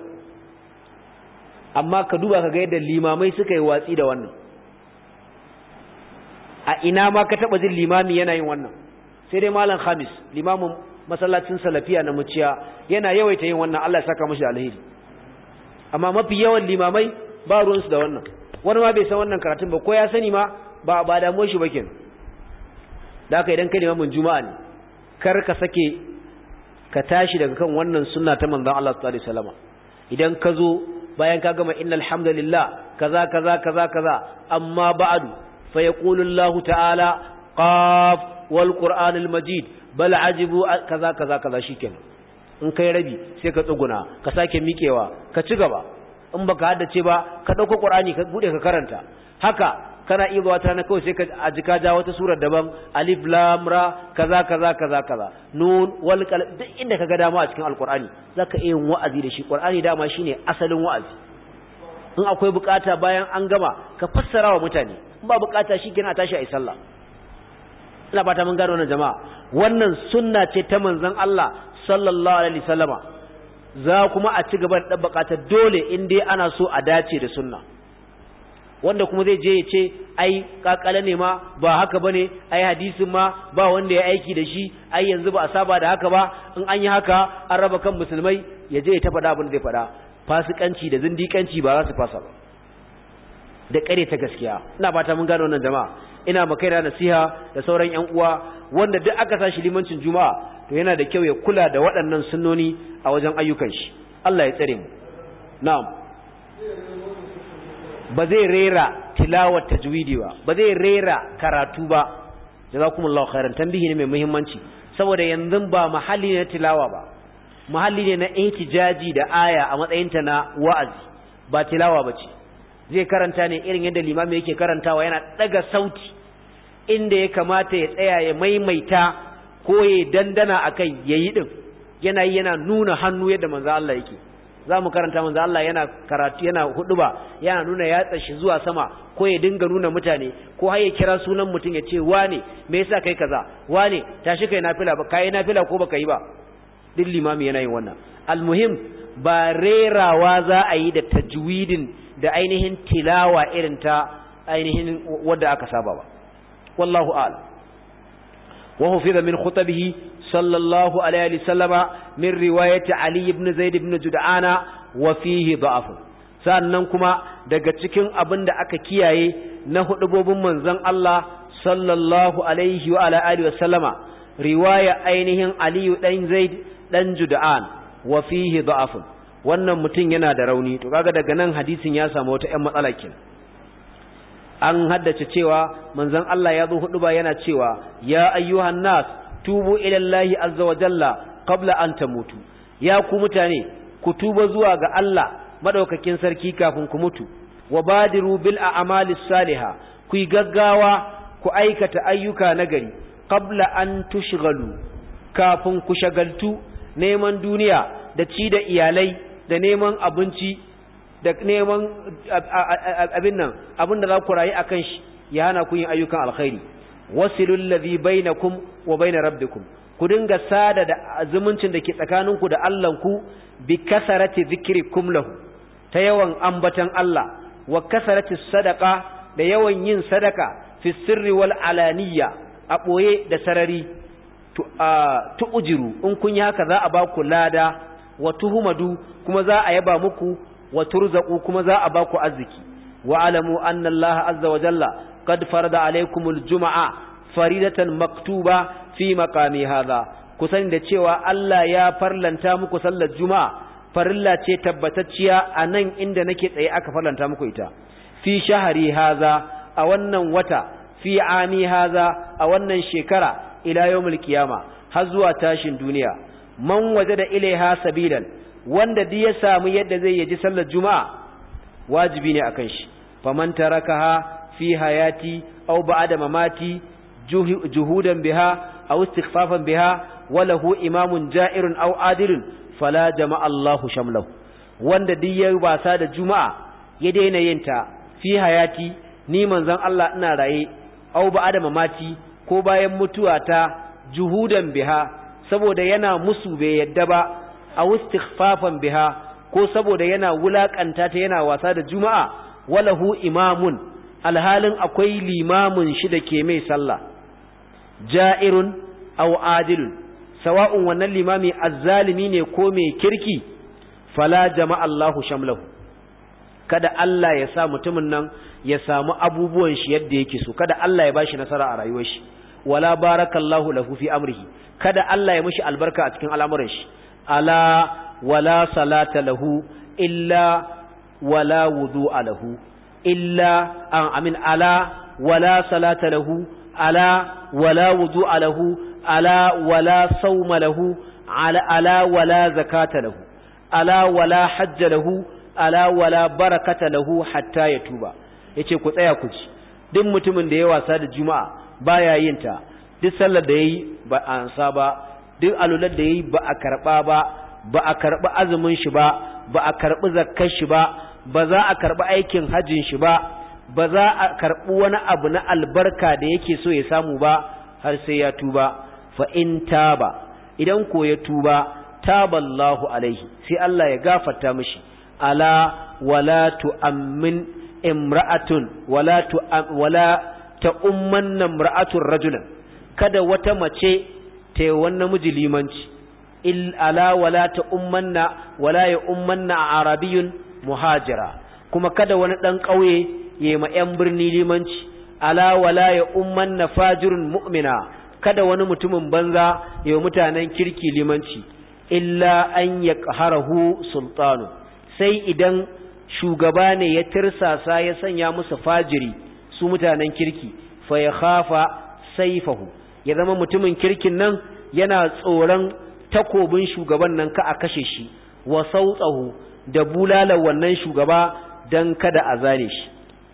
amma ka duba ka ga yadda limamai suka yi watsi da wannan a ina ma ka taba jin limami yana yin wannan sai dai malam Khamis limamin masallacin salafiya na muciya yana yawaita yin wannan Allah ya saka mashi alheri amma mafi yawan limamai ba ruwansu da wannan wani ma bai san wannan karatun ba ko ya sani ma ba ba damuwar shi bakin da haka idan kai juma'a ne kar ka sake ka tashi daga kan wannan sunna ta manzon Allah sallallahu alaihi wasallam idan ka zo bayan ka gama innal hamdalillah kaza kaza kaza kaza amma ba'du fa yaqulu Allahu ta'ala qaf wal qur'anil majid bal ajibu kaza kaza kaza shikenan in kai rabi sai ka tsuguna ka sake mikewa ka ci gaba in baka haddace ba ka dauko qur'ani ka bude ka karanta haka kana iya zuwa tana kawai sai a ji ka ja wata surar daban alif lam ra kaza kaza kaza kaza nun wal qalam duk inda kaga dama a cikin alqur'ani zaka iya yin wa'azi da shi qur'ani dama shine asalin wa'azi in akwai bukata bayan an gama ka fassara wa mutane in ba bukata shikenan a tashi ayi sallah ina fata mun gano wannan jama'a wannan sunna ce ta manzon Allah sallallahu alaihi wasallama za kuma a ci gaba da dabbaka ta dole in dai ana so a dace da sunna wanda kuma zai je ya ce ai kakala ne ma ba haka bane ai hadisin ma ba wanda ya aiki da shi ai yanzu ba a saba da haka ba in an yi haka an raba kan musulmai ya je ya ta faɗa abin da zai faɗa fasikanci da zindikanci ba za su fasa ba da kare ta gaskiya ina fata mun gano wannan jama'a ina ma kaina nasiha da sauran yan uwa wanda duk aka sa shi limancin juma'a to yana da kyau ya kula da waɗannan sunnoni a wajen ayyukan shi Allah ya tsare mu na'am ba zai rera tilawar tajwidi ba ba zai rera karatu ba jazakumullahu khairan tambihi ne mai muhimmanci saboda yanzu ba mahalli ne tilawa ba mahalli ne na ihtijaji da aya a matsayin ta na wa'azi ba tilawa bace zai karanta ne irin yadda limami yake karantawa yana daga sauti inda ya kamata ya tsaya ya maimaita ko ya dandana akai yayi din yana yana nuna hannu yadda manzo Allah yake za mu karanta manzo Allah yana karatu yana huduba yana nuna yatsa shi zuwa sama ko ya dinga nuna mutane ko har ya kira sunan mutum ya ce wane me yasa kai kaza wane tashi kai nafila ba kai nafila ko baka yi ba duk limami yana yin wannan almuhim ba rerawa za a yi da tajwidin da ainihin tilawa irin ta ainihin wadda aka saba ba wallahu a'lam wa hufiza min khutbihi صلى الله عليه وسلم من رواية علي بن زيد بن جدعان وفيه ضعف sannan kuma daga cikin abin da aka kiyaye na hudubobin manzon Allah sallallahu alaihi wa ala alihi wa sallama riwaya ainihin Aliyu dan Zaid dan Jud'an wa fihi wannan mutum yana da rauni to kaga daga nan hadisin ya samu wata ƴan matsala kin an haddace cewa manzon Allah ya zo huɗuba yana cewa ya ayyuhan nas Tubo ila Allah azza wa jalla qabla an tamutu ya ku mutane ku tuba zuwa ga Allah madaukakin sarki kafin ku mutu wa badiru bil a'mali salihah ku yi gaggawa ku aikata ayyuka nagari qabla an tushghalu kafin ku shagaltu neman duniya da ci da iyalai da neman abinci da neman abin nan abin da za ku rayu akan shi ya hana ku yin ayyukan alkhairi wasilul ladhi bainakum wa bain rabbikum ku dinga sada da azumuncin da ke tsakaninku da ku bi kasarati zikrikum lahu ta yawan ambatan Allah wa kasarati sadaqa da yawan yin sadaka fi sirri wal alaniya a boye da sarari tu ujiru in kun yi haka za a ba ku lada wa tuhumadu kuma za a yaba muku wa turzaqu kuma za a ba ku arziki wa alamu anna Allaha azza wa jalla qad farada alaikumul juma'a faridatan maktuba fi maqami haza. ku sani da cewa Allah ya farlanta muku sallar juma'a farilla ce tabbatacciya a nan inda nake tsaye aka farlanta muku ita fi shahari haza a wannan wata fi ami haza a wannan shekara ila yawmul qiyama har zuwa tashin duniya man wajada ilaiha sabilan wanda duk ya samu yadda zai yaji sallar juma'a wajibi ne akan shi faman tarakaha fi hayati aw ba'da mamati juhudan biha aw istighfafan biha walahu imamun ja'irun aw adilun fala jama'a Allahu shamlahu wanda duk ya wasa da juma'a ya daina yin ta fi hayati ni manzon Allah ina raye aw ba'da mamati ko bayan mutuwa ta juhudan biha saboda yana musu bai yadda ba a istighfafan biha ko saboda yana wulakanta ta yana wasa da juma'a walahu imamun alhalin akwai limamin shi da ke mai sallah ja'irun aw adil sawa'un wannan limami azzalimi ne ko mai kirki fala jama'a Allahu shamlahu kada Allah ya sa mutumin nan ya samu abubuwan shi yadda yake so kada Allah ya bashi nasara a rayuwar shi wala barakallahu lahu fi amrihi kada Allah ya mishi albarka a cikin al'amuran shi ala wala salata lahu illa wala wudu'a lahu illa an amin ala wala salata lahu ala wala wudu'a lahu ala wala sauma lahu ala ala wala zakata lahu ala wala hajja lahu ala wala barakata lahu hatta yatuba yace ku tsaya ku ci duk mutumin da ya wasa da juma'a baya yin ta duk sallar da yayi ba ansa ba duk alular da yayi ba a karba ba ba a karbi azumin shi ba ba a karbi zakkar shi ba ba za a karɓi aikin hajjin shi ba ba za a karɓi wani abu na albarka da yake so ya samu ba har sai ya tuba fa in taba idan ko ya tuba taballahu alaihi sai Allah ya gafarta mishi ala wala tu'ammin imra'atun wala tu wala rajul kada wata mace ta yi wannan miji limanci il ala wala ta'ummanna wala ya ummanna arabiyun muhajira kuma kada wani ɗan ƙauye yayi ma yan birni limanci ala wala ya umman nafajirun mu'mina kada wani mutumin banza ya mutanen kirki limanci illa an ya yaqharahu sultanu sai idan shugaba ne ya tirsasa ya sanya musu fajiri su mutanen kirki fa ya khafa saifahu ya zama mutumin kirkin nan yana tsoron takobin shugaban nan ka a kashe shi wa sautsahu da bulalar wannan shugaba dan kada a zane shi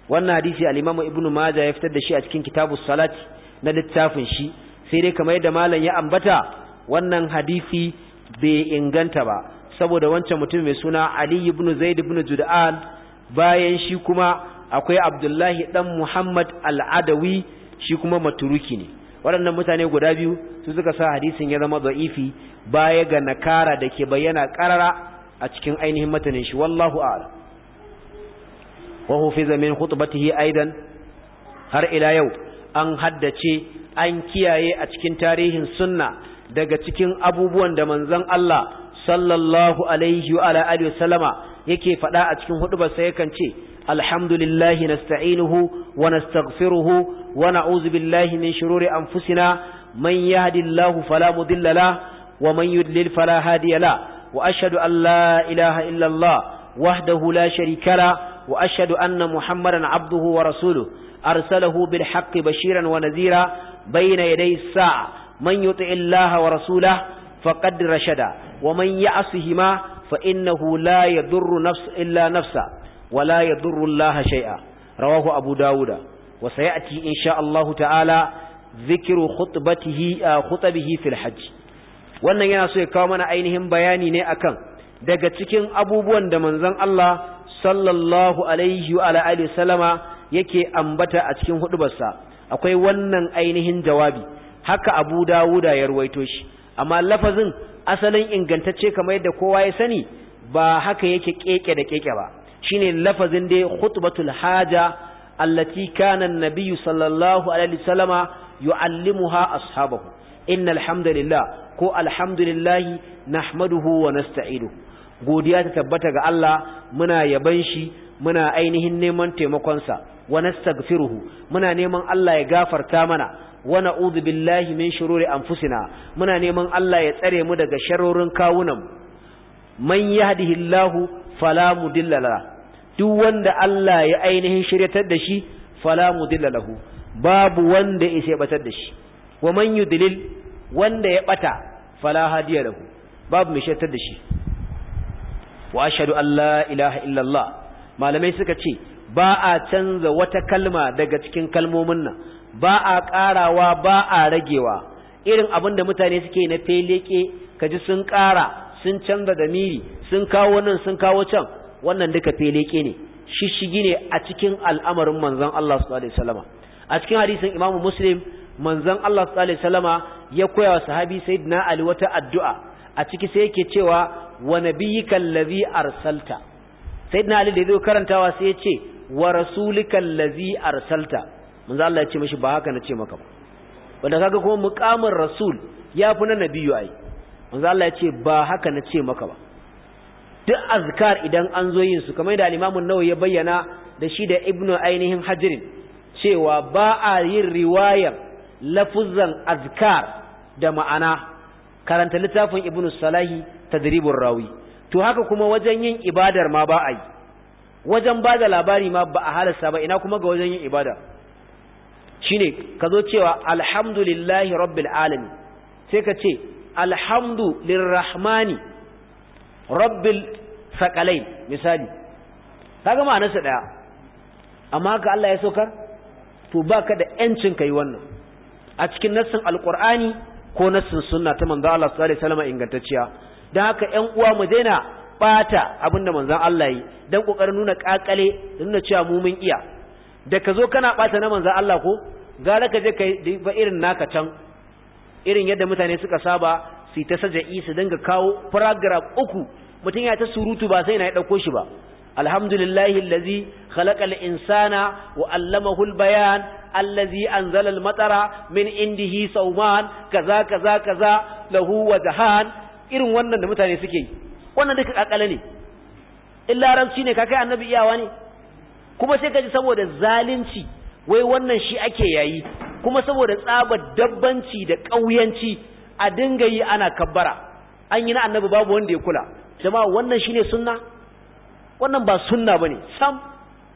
wannan hadisi al Ibn Majah ya fitar da shi a cikin kitabu Salat na littafin shi sai dai kamar yadda malam ya ambata wannan hadisi bai inganta ba saboda wancan mutum mai suna Ali ibn Zaid ibn Jud'an bayan shi kuma akwai Abdullahi dan Muhammad al'adawi shi kuma maturuki ne waɗannan mutane guda biyu su suka sa hadisin ya zama da'ifi baya ga nakara da ke bayyana ƙarara a cikin ainihin matanin shi wallahu a'lam wa hufiza min khutbatihi aidan har ila yau an haddace an kiyaye a cikin tarihin sunna daga cikin abubuwan da manzon Allah sallallahu alaihi wa ala alihi wasallama yake faɗa a cikin sa yakan ce alhamdulillahi nasta'inuhu wa nastaghfiruhu wa na'udhu billahi min shururi anfusina man yahdillahu fala mudilla la wa man yudlil fala hadiya la وأشهد أن لا إله إلا الله وحده لا شريك له وأشهد أن محمدا عبده ورسوله أرسله بالحق بشيرا ونذيرا بين يدي الساعة من يطع الله ورسوله فقد رشدا ومن يعصهما فإنه لا يضر نفس إلا نفسا ولا يضر الله شيئا رواه أبو داود وسيأتي إن شاء الله تعالى ذكر خطبته خطبه في الحج wannan yana so ya kawo mana ainihin bayani ne akan daga cikin abubuwan da manzon Allah sallallahu alaihi wa alihi salama yake ambata a cikin hudubarsa akwai wannan ainihin jawabi haka Abu Dawud ya ruwaito shi amma lafazin asalin ingantacce kamar yadda kowa ya sani ba haka yake keke da keke ba shine lafazin dai khutbatul haja allati kana annabi nabiyyu sallallahu alaihi wasallama yu'allimuha ashabahu innal hamdalillah ko alhamdulillahi nahmaduhu wa nasta'idu godiya ta tabbata ga Allah muna yaban shi muna ainihin neman taimakonsa wa nastaghfiruhu muna neman Allah ya gafarta mana wa na'udhu billahi min shururi anfusina muna neman Allah ya tsare mu daga sharorin kawunan man yahdihillahu fala mudilla la duk wanda Allah ya ainihin shiryatar da shi fala mudilla lahu babu wanda ya batar da shi wa man yudlil wanda ya bata فلا هادي له babu mai shatar da shi wa اله الا الله illallah malamai suka ce ba a canza wata kalma daga cikin kalmomin nan ba a karawa ba a ragewa irin abin da mutane suke na feleke kaji sun kara sun canza damiri sun kawo nan sun kawo can wannan duka feleke ne shishigi ne a cikin al'amarin manzon Allah sallallahu alaihi wasallam a cikin hadisin Imam Muslim manzon Allah sallallahu alaihi wasallama ya koya wa sahabi sayyidina Ali wata addu'a a ciki sai yake cewa wa nabiyyikal ladhi arsalta sayyidina Ali da yazo karantawa sai ya ce wa rasulikal ladhi arsalta manzon Allah ya ce mishi ba haka na ce maka ba wanda kaga kuma muqamin rasul ya fi na nabiyyu ai manzon Allah ya ce ba haka na ce maka ba duk azkar idan an zo yin su kamar da al-Imam nawawi ya bayyana da shi da Ibnu ainihin Hajirin cewa ba a yin riwayar lafuzan azkar da ma'ana karanta littafin Ibn salahi tadribur rawi to haka kuma wajen yin ibadar ma ba a yi wajen ba da labari ma ba a halasta ba ina kuma ga wajen yin ibada shine ka zo cewa alhamdulillahi rabbil alamin sai ka ce alhamdu lirrahmani rabbil Sakalai misali kaga ma'anarsa daya amma haka Allah ya saukar to baka da yancin yi wannan a cikin nassin alqur'ani ko nassin sunna ta manzo Allah sallallahu alaihi wasallam ingantacciya dan haka ƴan uwa mu daina bata abinda manzo Allah yi dan kokarin nuna kakale nuna cewa mu mun iya da ka zo kana bata na manzo Allah ko gara ka je kai da irin naka can irin yadda mutane suka saba su ta saja'i isa dinga kawo paragraph uku mutum ya ta surutu ba sai na ya dauko shi ba alhamdulillahi allazi khalaqal insana wa allamahu bayan allazi anzala al-matara min indihi sauman kaza kaza kaza lahu wajhan irin wannan da mutane suke yi wannan duka kakala ne in ne kakai annabi iyawa ne kuma sai kaji saboda zalunci wai wannan shi ake yayi kuma saboda tsabar dabbanci da ƙauyanci a dinga yi ana kabbara an yi na annabi babu wanda ya kula jama'a wannan shine sunna wannan ba sunna bane sam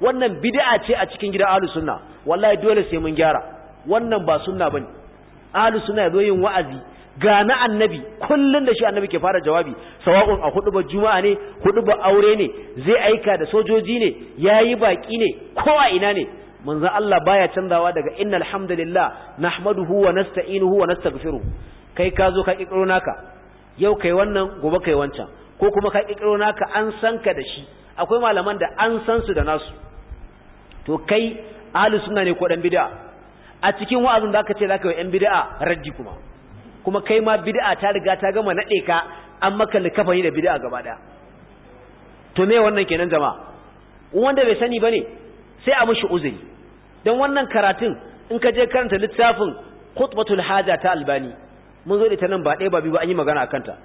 wannan bid'a ce a cikin gidan ahlus sunna wallahi dole sai mun gyara wannan ba sunna bane ahli sunna yazo yin wa'azi ga na annabi kullun da shi annabi ke fara jawabi sawa'un a hudu ba juma'a ne hudu ba aure ne zai aika da sojoji ne yayi baki ne kowa ina ne manzo Allah baya canzawa daga innal alhamdulillah nahmaduhu wa nasta'inuhu wa nastaghfiruh kai ka zo ka kikiro naka yau kai wannan gobe kai wancan ko kuma ka kikiro naka an san ka da shi akwai malaman da an san su da nasu to kai ahli sunna ne ko dan bid'a a cikin wa'azin zaka ce zaka yi yan bid'a raddi kuma kuma kai ma bid'a ta riga ta gama nade ka an maka ne da bid'a gaba daya to me wannan kenan jama'a wanda bai sani bane sai a mushi uzuri dan wannan karatun in ka je karanta littafin khutbatul haja ta albani mun zo da ta nan ba ɗaya ba biyu ba an yi magana akan ta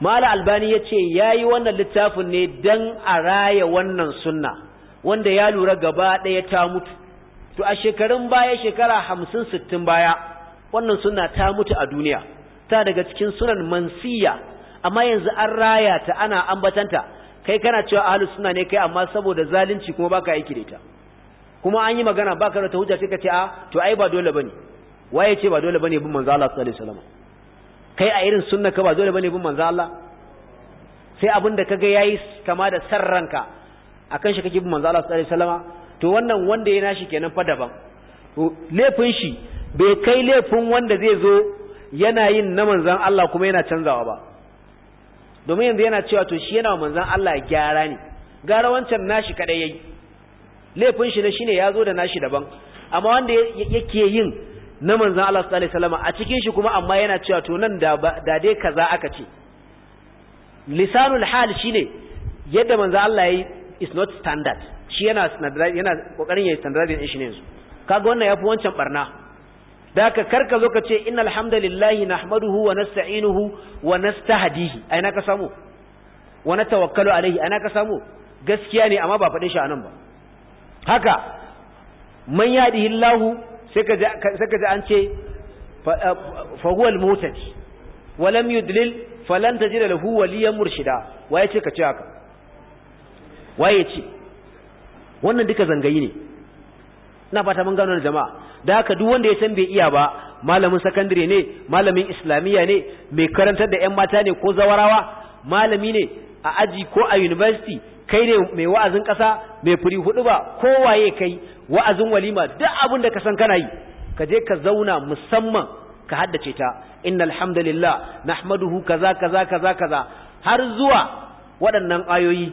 mala albani yace yayi wannan littafin ne dan a raya wannan sunna wanda ya lura gaba ɗaya ta mutu to a shekarun baya shekara hamsin sittin baya wannan suna ta mutu a duniya ta daga cikin sunan mansiya amma yanzu an raya ta ana ambatanta kai kana cewa ahlus suna ne kai amma saboda zalunci kuma baka aiki da ita kuma an yi magana baka da ta hujja sai ka ce a ah, to ai ba dole bane waye ce ba dole bane bin manzo Allah sallallahu alaihi wasallam kai a irin sunna ka ba dole bane bin manzo Allah sai abin da kaga yayi kama da sarranka akan shi kake bin manzo Allah sallallahu alaihi wasallama to wannan wanda ya nashi kenan fa daban to laifin shi bai kai laifin wanda zai zo yana yin na manzon Allah kuma yana canzawa ba domin yanzu yana cewa to shi yana manzon Allah gyara ne gara wancan nashi kadai yayi laifin shi ne shine ya zo da nashi daban amma wanda yake yin na manzon Allah sallallahu alaihi wasallama a cikin shi kuma amma yana cewa to nan da da dai kaza aka ce lisanul hal shine yadda manzon Allah yayi is not standard shi yana yana kokarin yayi standardizing din shi ne kaga wannan yafi wancan barna da ka karka zo ka ce alhamdulillahi na nahmaduhu wa nasta'inuhu wa nastahdihi a Ina ka samu wa natawakkalu alaihi a Ina ka samu gaskiya ne amma ba faɗin shi nan ba haka man yahdihillahu sai ka sai ka ji an ce fa huwa al yudlil falan tajida lahu waliyan murshida wa ce ka ce haka waye ce wannan duka zangayi ne ina fata mun gano jama'a da haka duk wanda ya san bai iya ba malamin sakandare ne malamin islamiyya ne mai karantar da yan mata ne ko zawarawa malami ne a aji ko a university kai ne mai wa'azin kasa mai furi hudu ba ko waye kai wa'azin walima duk abin da ka san kana yi ka je ka zauna musamman ka haddace ta innal hamdalillah nahmaduhu kaza kaza kaza kaza har zuwa waɗannan ayoyi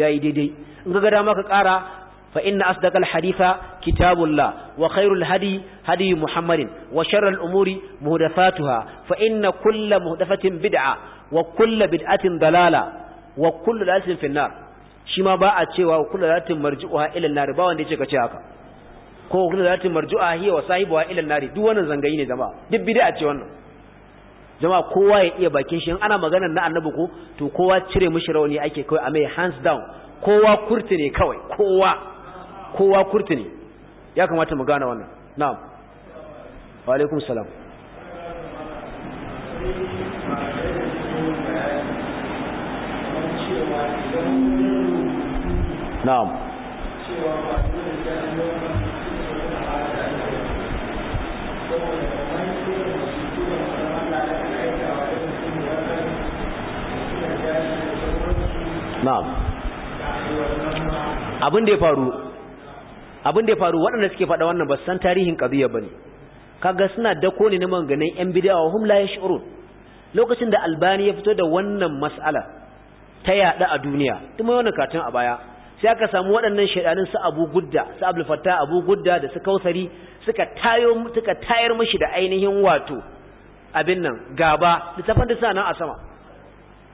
yayi daidai in ga dama ka ƙara fa inna asdaqal haditha kitabullah wa khairul hadi hadi muhammadin wa sharral umuri muhdathatuha fa inna kulla muhdathatin bid'a wa kulla bid'atin dalala wa kullu dalalatin finnar shi ma ba a cewa kullu dalalatin marji'uha ila nar ba wanda yake ka ce haka ko kullu dalalatin marji'uha hiya wa sahibuha ila nar duk wannan zangayi ne jama'a duk bid'a ce wannan jama'a kowa ya iya bakin shi in ana maganar na annabi ko to kowa cire mishi rauni ake kawai a mai hands down kowa kurti ne kawai kowa kowa kurti ne ya kamata mu gane wannan na'am wa alaikum salam na'am cewa ba na'am abin da ya faru abin da ya faru waɗanda suke faɗa wannan ba san tarihin ne. bane kaga suna dako ne na manganin yan bid'a hum la yash'urun lokacin da albani ya fito da wannan mas'ala ta yada a duniya kuma wannan katin a baya sai aka samu waɗannan shaidanin su Abu Gudda su Abdul Fattah Abu Gudda da su Kausari suka tayo suka tayar mishi da ainihin wato abin nan gaba littafin da sa nan a sama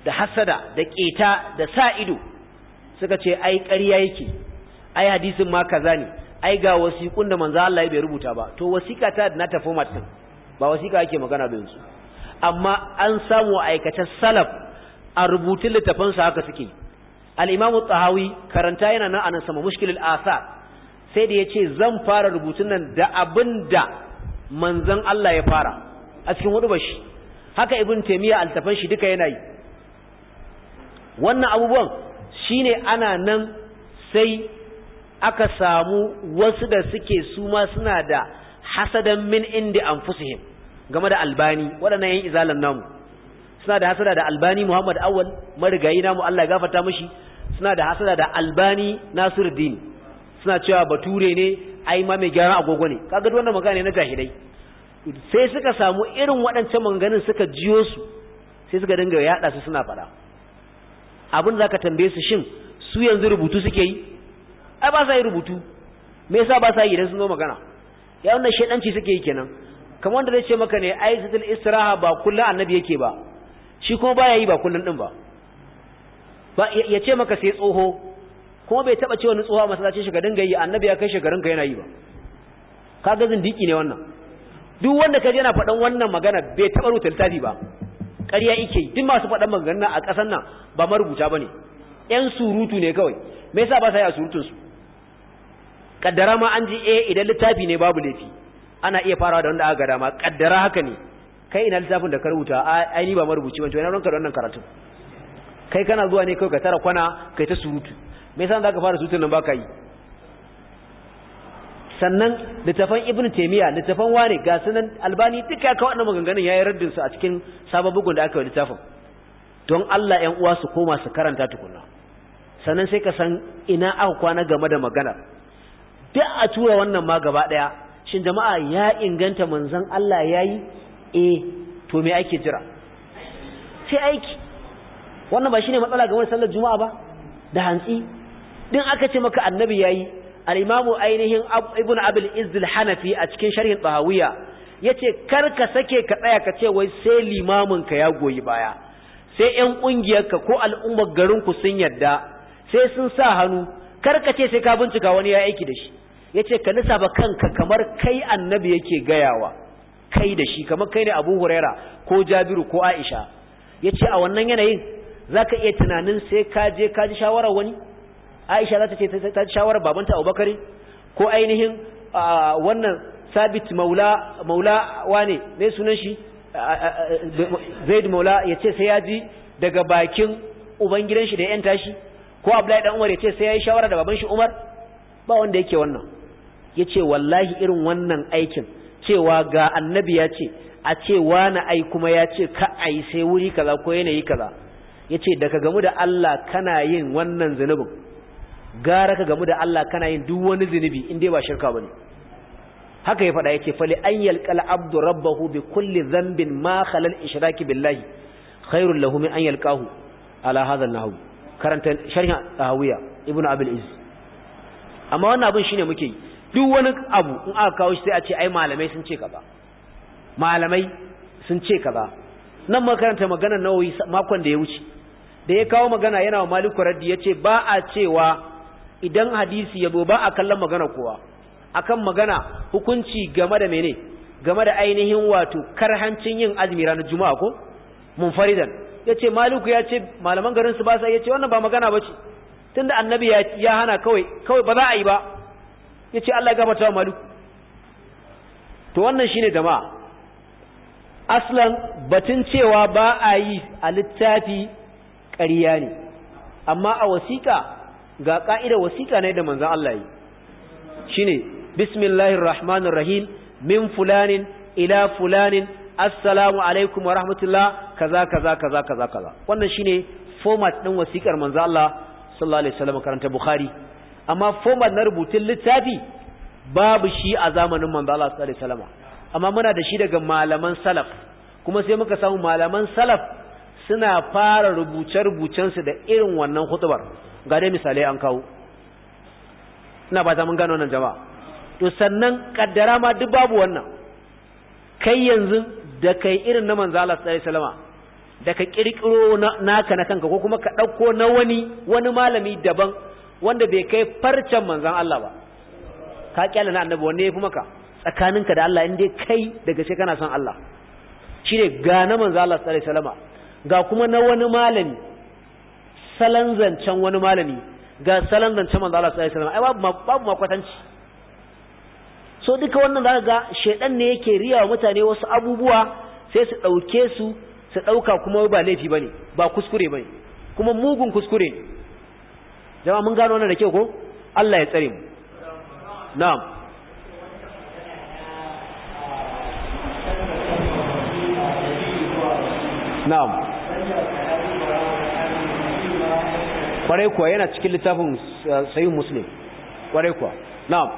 da hasada da ƙeta da sa ido suka ce ai ƙarya yake ai hadisin ma kaza ne ai ga wasiƙun da manzo Allah bai rubuta ba to wasiƙa ta na ta format din ba wasiƙa ake magana da yanzu amma an samu aikata salaf a rubutun littafin sa haka suke al-imamu tahawi karanta yana nan anan sama mushkilul asa, sai da yace zan fara rubutun nan da abinda manzon Allah ya fara a cikin hudubar bashi, haka ibn taymiya altafan shi duka yana yi wannan abubuwan shine ana nan sai aka samu wasu da suke su ma suna da hasadan min indi anfusihim game da albani waɗannan yan izalan namu suna da hasada da albani muhammad awwal marigayi namu Allah Gafata gafarta suna da hasada da albani nasiruddin suna cewa bature ne ai ma mai gyaran agogo ne kaga duk wannan magana ne na jahilai sai suka samu irin waɗancan maganganun suka jiyo su sai suka dinga yaɗa su suna faɗa abin zaka tambaye su shin su yanzu rubutu suke yi ai ba sa yi rubutu me yasa ba sa yi idan sun zo magana ya wannan shedanci suke yi kenan kamar wanda zai ce maka ne ai zatul israha ba kullun annabi yake ba shi kuma baya yi ba kullun din ba ba ya ce maka sai tsoho kuma bai taba cewa tsoho a masallacin shi ga dinga yi annabi ya kai shi garin ka yana yi ba kaga zindiki ne wannan duk wanda kaje yana faɗan wannan magana bai taba rubuta littafi ba ƙarya ike duk masu faɗan maganganun a ƙasar nan ba marubuta ne yan surutu ne kawai me yasa ba sa yi a surutunsu su kaddara ma an ji eh idan littafi ne babu laifi ana iya farawa da wanda aka ga dama kaddara haka ne kai ina littafin da ka rubuta ai ni ba marubuci ban to ranka da wannan karatu kai kana zuwa ne kawai ka tara kwana kai ta surutu me yasa zaka fara surutun nan ka yi sannan littafan ibn taimiyya littafan wane ga sunan albani duk ya kawo wannan maganganun ya yi raddin su a cikin sabon bugun da aka yi littafin don Allah ‘yan uwa su koma su karanta tukuna sannan sai ka san ina aka kwana game da magana duk a tura wannan ma gaba ɗaya shin jama'a ya inganta manzon Allah ya yi eh to me ake jira sai aiki wannan ba shine matsala ga wani sallar juma'a ba da hantsi din aka ce maka annabi yayi al-imamu ainihin ibn abul izil hanafi a cikin sharhin bahawiya yace kar ka sake ka tsaya ka ce wai sai limamin ka ya goyi baya sai 'yan ƙungiyarka ko al'ummar garin ku sun yadda sai sun sa hannu kar ka ce sai ka bincika wani ya aiki da shi yace ka lissafa kanka kamar kai annabi yake gayawa kai da shi kamar kai ne Abu Huraira ko Jabiru ko Aisha yace a wannan yanayin zaka iya tunanin sai ka je ka ji shawarar wani aisha za ta ce ta shawarar babanta Bakari? ko ainihin wannan sabit maula maula wane mai sunan shi zaid maula ya ce sai ya ji daga bakin ubangidan shi da yan tashi ko abdullahi dan umar ya ce sai ya yi shawara da baban shi umar ba wanda yake wannan ya ce wallahi irin wannan aikin cewa ga annabi ya ce a ce wani ai kuma ya ce ka ai sai wuri kaza ko yanayi kaza ya ce daga gamu da Allah kana yin wannan zunubin gara ka gamu da Allah kana yin duk wani zunubi in dai ba shirka bane haka ya faɗa yake fali an yalqal abdu rabbahu bi kulli dhanbin ma khala al ishraki billahi khairul lahu min an yalqahu ala hadha al nahw karanta sharhin tahawiya ibnu abul iz amma wannan abin shine muke yi duk wani abu in aka kawo shi sai a ce ai malamai sun ce kaza malamai sun ce kaza nan makaranta maganar nawawi makon da ya wuce da ya kawo magana yana wa maliku raddi yace ba a cewa idan hadisi ya zo ba a kallon magana kowa akan magana hukunci game da mene game da ainihin wato karhancin yin azumi ranar juma'a ko munfaridan yace maliku yace malaman garin su ba sa yace wannan ba magana bace tunda annabi ya hana kawai kawai ba za a yi ba yace Allah ya gafarta maliku to wannan shine jama'a aslan batun cewa ba a yi a littafi ƙarya ne amma a wasiƙa ga ka'ida wasiƙa ne da manzon Allah yi Shi ne, rahmanir rahim min fulanin ila fulanin assalamu alaikum wa rahmatullah kaza kaza kaza kaza kaza wannan shi ne format ɗin wasiƙar manzo Allah sallallahu alaihi wasallam karanta bukhari amma format na rubutun littafi babu shi a zamanin manzo Allah sallallahu alaihi wasallam amma muna da shi daga malaman salaf kuma sai muka samu malaman salaf suna fara rubuce-rubucensu da irin wannan hutubar ga dai misalai an kawo ina ba ta mun gano nan jama'a to sannan kaddara ma duk babu wannan kai yanzu da kai irin na manzo Allah sallallahu alaihi da ka kirkiro naka na kanka ko kuma ka dauko na wani wani malami daban wanda bai kai farcen manzan Allah ba ka kyale na annabi wanne yafi maka tsakaninka da Allah inda kai daga sai kana son Allah ne ga na manzo Allah sallallahu alaihi wasallam ga kuma na wani malami salon zancen wani malami ga salon zancen manzo Allah sallallahu alaihi wasallam ai babu makwatanci so duka wannan zaka ga shedan ne yake riya wa mutane wasu abubuwa sai su dauke su su dauka kuma ba laifi bane ba kuskure bane kuma mugun kuskure jama'a mun gano wannan da kyau ko Allah ya tsare mu na'am Na'am. kwarai kuwa yana cikin littafin eh, sayin muslim kwarai kuwa na'am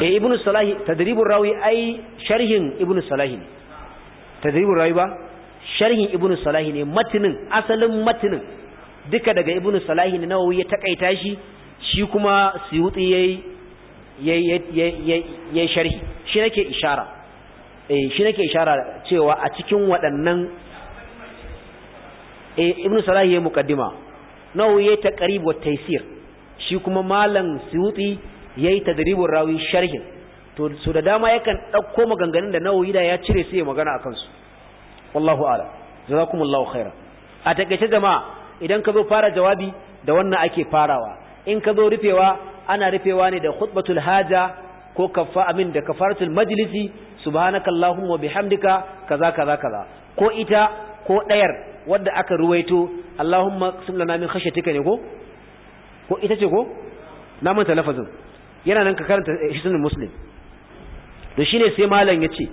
e eh, Ibn salahi tadribur rawi ai sharhin ibn salahi ne tadribur rawi ba sharhin ibn salahi ne matinin asalin matinin duka daga ibn salahi ne nawawi ya takaita shi shi kuma suyuti yayi yayi sharhi shi nake ishara eh shi nake ishara cewa a cikin waɗannan Eh, Ibn ibnu salah ya muqaddima nawawi ya taqrib wa taysir shi kuma malam suyuti yayi tadribur rawi sharhin to su da dama yakan dauko maganganun da nawawi da ya cire su ya magana akan su wallahu a'lam jazakumullahu khaira a takeice jama'a idan ka zo fara jawabi da wannan ake farawa in ka zo rufewa ana rufewa ne da khutbatul haja ko kaffa amin da kafaratul majlisi subhanakallahumma bihamdika kaza kaza kaza ko ita ko dayar wadda aka ruwaito Allahumma qsim lana min khashyatika ne ko ko ita ce ko na manta lafazin yana nan ka karanta shi eh, sunan muslim to shine sai malam ya ce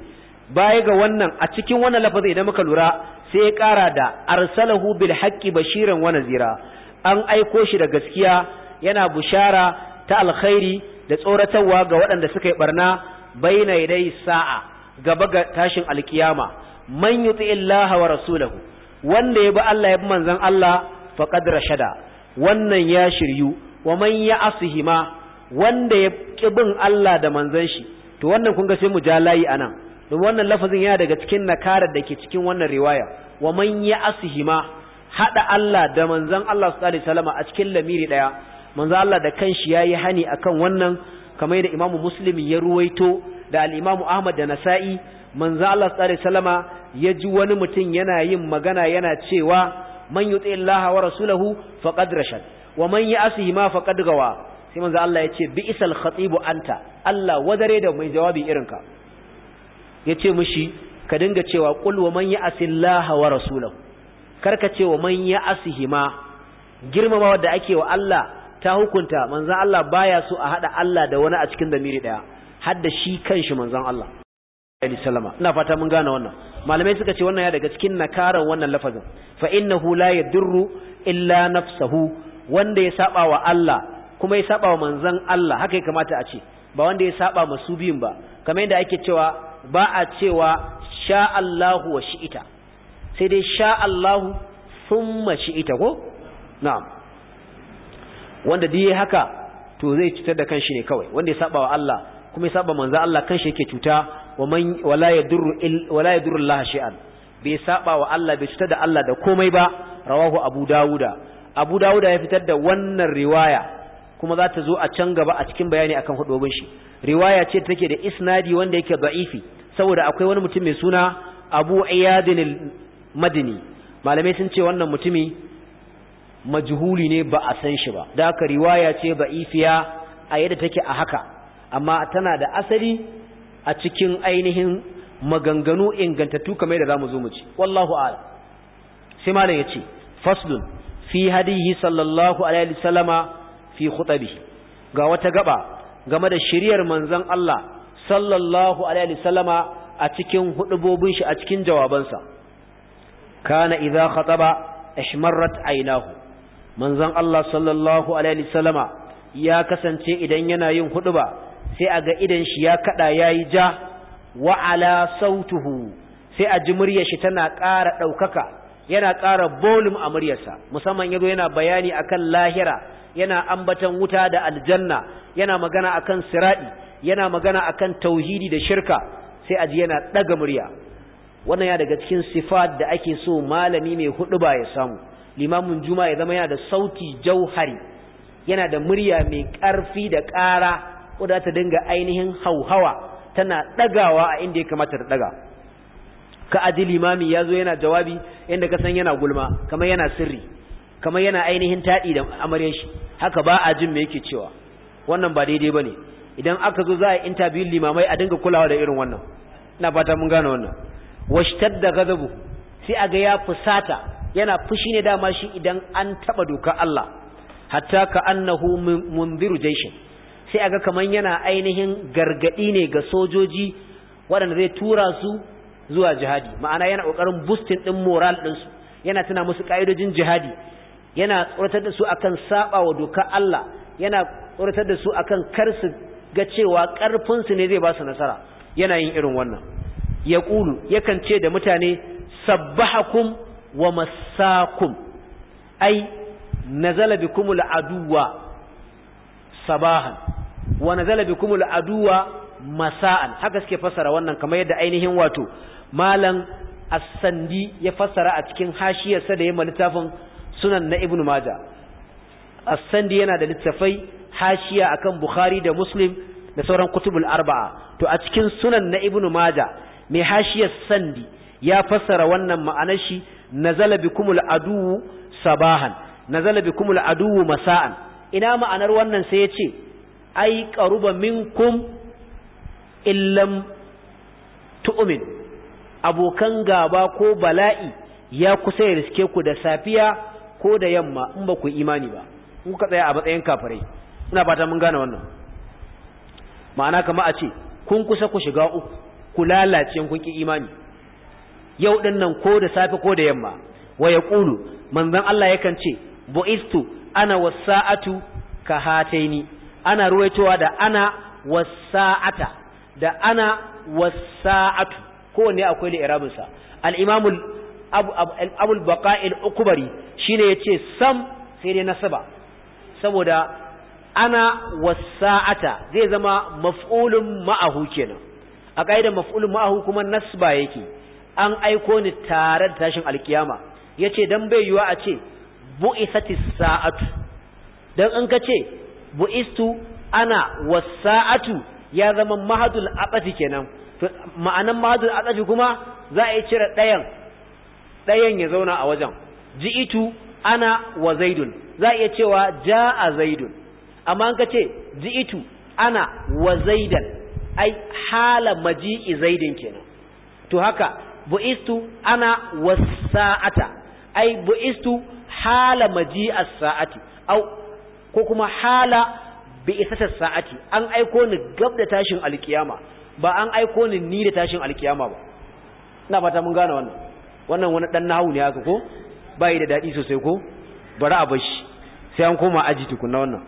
baya ga wannan a cikin wannan lafazin idan muka lura sai ya kara da arsalahu bil haqqi bashiran wa nazira an aiko shi da gaskiya yana bushara ta alkhairi da tsoratarwa ga waɗanda suka yi barna bayna yadai sa'a gaba ga tashin alkiyama man yuti illaha wa rasulahu wanda ya bi Allah ya bi manzan Allah faqad rashada wannan ya shiryu wa man ya asihima wanda ya ki bin Allah da manzan shi to wannan kun ga sai mu ja layi anan don wannan lafazin yana daga cikin nakarar da ke cikin wannan riwaya wa man ya asihima hada Allah da manzan Allah sallallahu alaihi wasallam a cikin lamiri daya Manzan Allah da kanshi yayi hani akan wannan kamar da Imam Muslim ya ruwaito da al-Imam Ahmad da Nasa'i manzan Allah sallallahu alaihi wasallama ya ji wani mutum yana yin magana yana cewa man yuti Allah wa rasulahu faqad rashad wa man ya'sihi ma faqad gawa sai manzo Allah ya ce isal khatibu anta Allah wadare da mai jawabi irin irinka yace mishi ka dinga cewa qul wa man ya'si Allah wa rasulahu karka ce wa man ya'sihi ma girmama wanda ake wa Allah ta hukunta manzo Allah baya so a hada Allah da wani a cikin damiri daya hadda shi kanshi manzon Allah alaihi sallama ina fata mun gane wannan malamai suka ce wannan ya daga cikin nakaran wannan lafazin fa innahu la yadurru illa nafsahu wanda ya saba wa Allah kuma ya saba wa manzon Allah haka ya kamata a ce ba wanda ya saba ma su biyun ba kamar yadda ake cewa ba a cewa sha Allahu wa shi'ita sai dai sha Allahu thumma shi'ita ko na'am wanda dai haka to zai cutar da kanshi ne kawai wanda ya saba wa Allah kuma ya saba manzon Allah kanshi yake cuta ومن ولا يضر wala يضر bai saɓa wa Allah bai cutar da Allah da komai ba rawahu Abu Dawuda Abu Dawuda ya fitar da wannan riwaya kuma za ta zo a can gaba a cikin bayani akan hudobin shi riwaya ce take da isnadi wanda yake da'ifi saboda akwai wani mutum mai suna Abu Iyad al-Madini malamai sun ce wannan mutumi majhuli ne ba a san shi ba da haka riwaya ce ba'ifiya a yadda take a haka amma tana da asali a cikin ainihin maganganu ingantattu kamar da zamu zo mu ci wallahu a'lam sai malam yace faslun fi hadihi sallallahu alaihi wasallama fi khutabihi ga wata gaba game da shiriyar manzon Allah sallallahu alaihi wasallama a cikin hudubobin shi a cikin jawabansa kana idza khataba ihmarrat aynahu manzon Allah sallallahu alaihi wasallama ya kasance idan yana yin huɗuba. sai a ga idan shi ya kada yayi ja wa ala sautuhu sai a ji muryar shi tana ƙara ɗaukaka yana ƙara bolum a muryarsa musamman yazo yana bayani akan lahira yana ambaton wuta da aljanna yana magana akan siradi yana magana akan tauhidi da shirka sai a ji yana ɗaga murya wannan ya daga cikin sifat da ake so malami mai hudu ba ya samu limamin juma'a ya zama yana da sauti jauhari yana da murya mai ƙarfi da ƙara da ta dinga ainihin hauhawa tana dagawa a inda ya kamata ta daga ka aji limami ya zo yana jawabi inda ka san yana gulma kamar yana sirri kamar yana ainihin taɗi da amaryar shi haka ba a jin me yake cewa wannan ba daidai ba ne idan aka zo za a interview limamai a dinga kulawa da irin wannan ina fata mun gane wannan washtar da gazabu sai a ga ya fusata yana fushi ne dama shi idan an taɓa dokar Allah hatta ka annahu munziru jaishin sai aga kaman yana ainihin gargadi ne ga sojoji waɗanda zai tura su zuwa jihadi ma'ana yana kokarin boosting din moral din su yana tana musu ka'idojin jihadi yana tsoratar da su akan saba wa doka Allah yana tsoratar da su akan kar su ga cewa karfin su ne zai ba su nasara yana yin irin wannan ya yaqulu yakan ce da mutane sabbahakum wa Masakum. ai nazala bikumul aduwa sabahan wa nazala bikumul aduwa masa'an haka suke fassara wannan kamar yadda ainihin wato malam as-sandi ya fassara a cikin hashiyarsa da yamma littafin sunan na ibnu maja as-sandi yana da littafai hashiya akan bukhari da muslim da sauran kutubul arba'a to a cikin sunan na ibnu maja mai hashiyar sandi ya fassara wannan ma'anar shi nazala bikumul aduwu sabahan nazala bikumul aduwu masa'an ina ma'anar wannan sai ya ce ai qaruba minkum illam tu'min abokan gaba ko bala'i ya kusa ya riske ku da safiya ko da yamma in ba ku imani ba in kuka tsaya a matsayin kafirai ina fata mun gane wannan ma'ana kama a ce kun kusa ku shiga uku ku lalace kun ki imani yau din nan ko da safe ko da yamma wa yaqulu manzon Allah yakan ce bu'istu ana wasa'atu ka hataini ana ruwaitowa da ana wasa'ata da ana wasa'atu kowanne akwai li'irabinsa al'imamul abul ukubari shi ne ya ce sam sai dai nasaba saboda ana wasa'ata zai zama maf'ulun ma'ahu kenan a ƙa'idar maf'ulun ma'ahu kuma nasba yake an aiko ni tare da tashin alkiyama ya ce don bai yiwa a ce bu'isatis sa'atu don an ka ce bu'istu ana wasa'atu ya zama mahadul abati kenan ma'anan mahadul abati kuma za a yi cire ɗayan ɗayan ya zauna a wajen ji'itu ana wa zaidun za a iya cewa ja'a zaidun amma an ka ce ji'itu ana wa zaidan ai hala maji'i zaidin kenan to haka bu'istu ana wasa'ata ai bu'istu hala maji'as sa'ati au ko kuma hala bi isatar sa'ati an aiko ni gab da tashin alkiyama ba an aiko ni ni da tashin alkiyama ba ina fata mun gane wannan wannan wani dan nahu ne haka ko bai da dadi sosai ko bari a bashi sai an koma aji tukunna wannan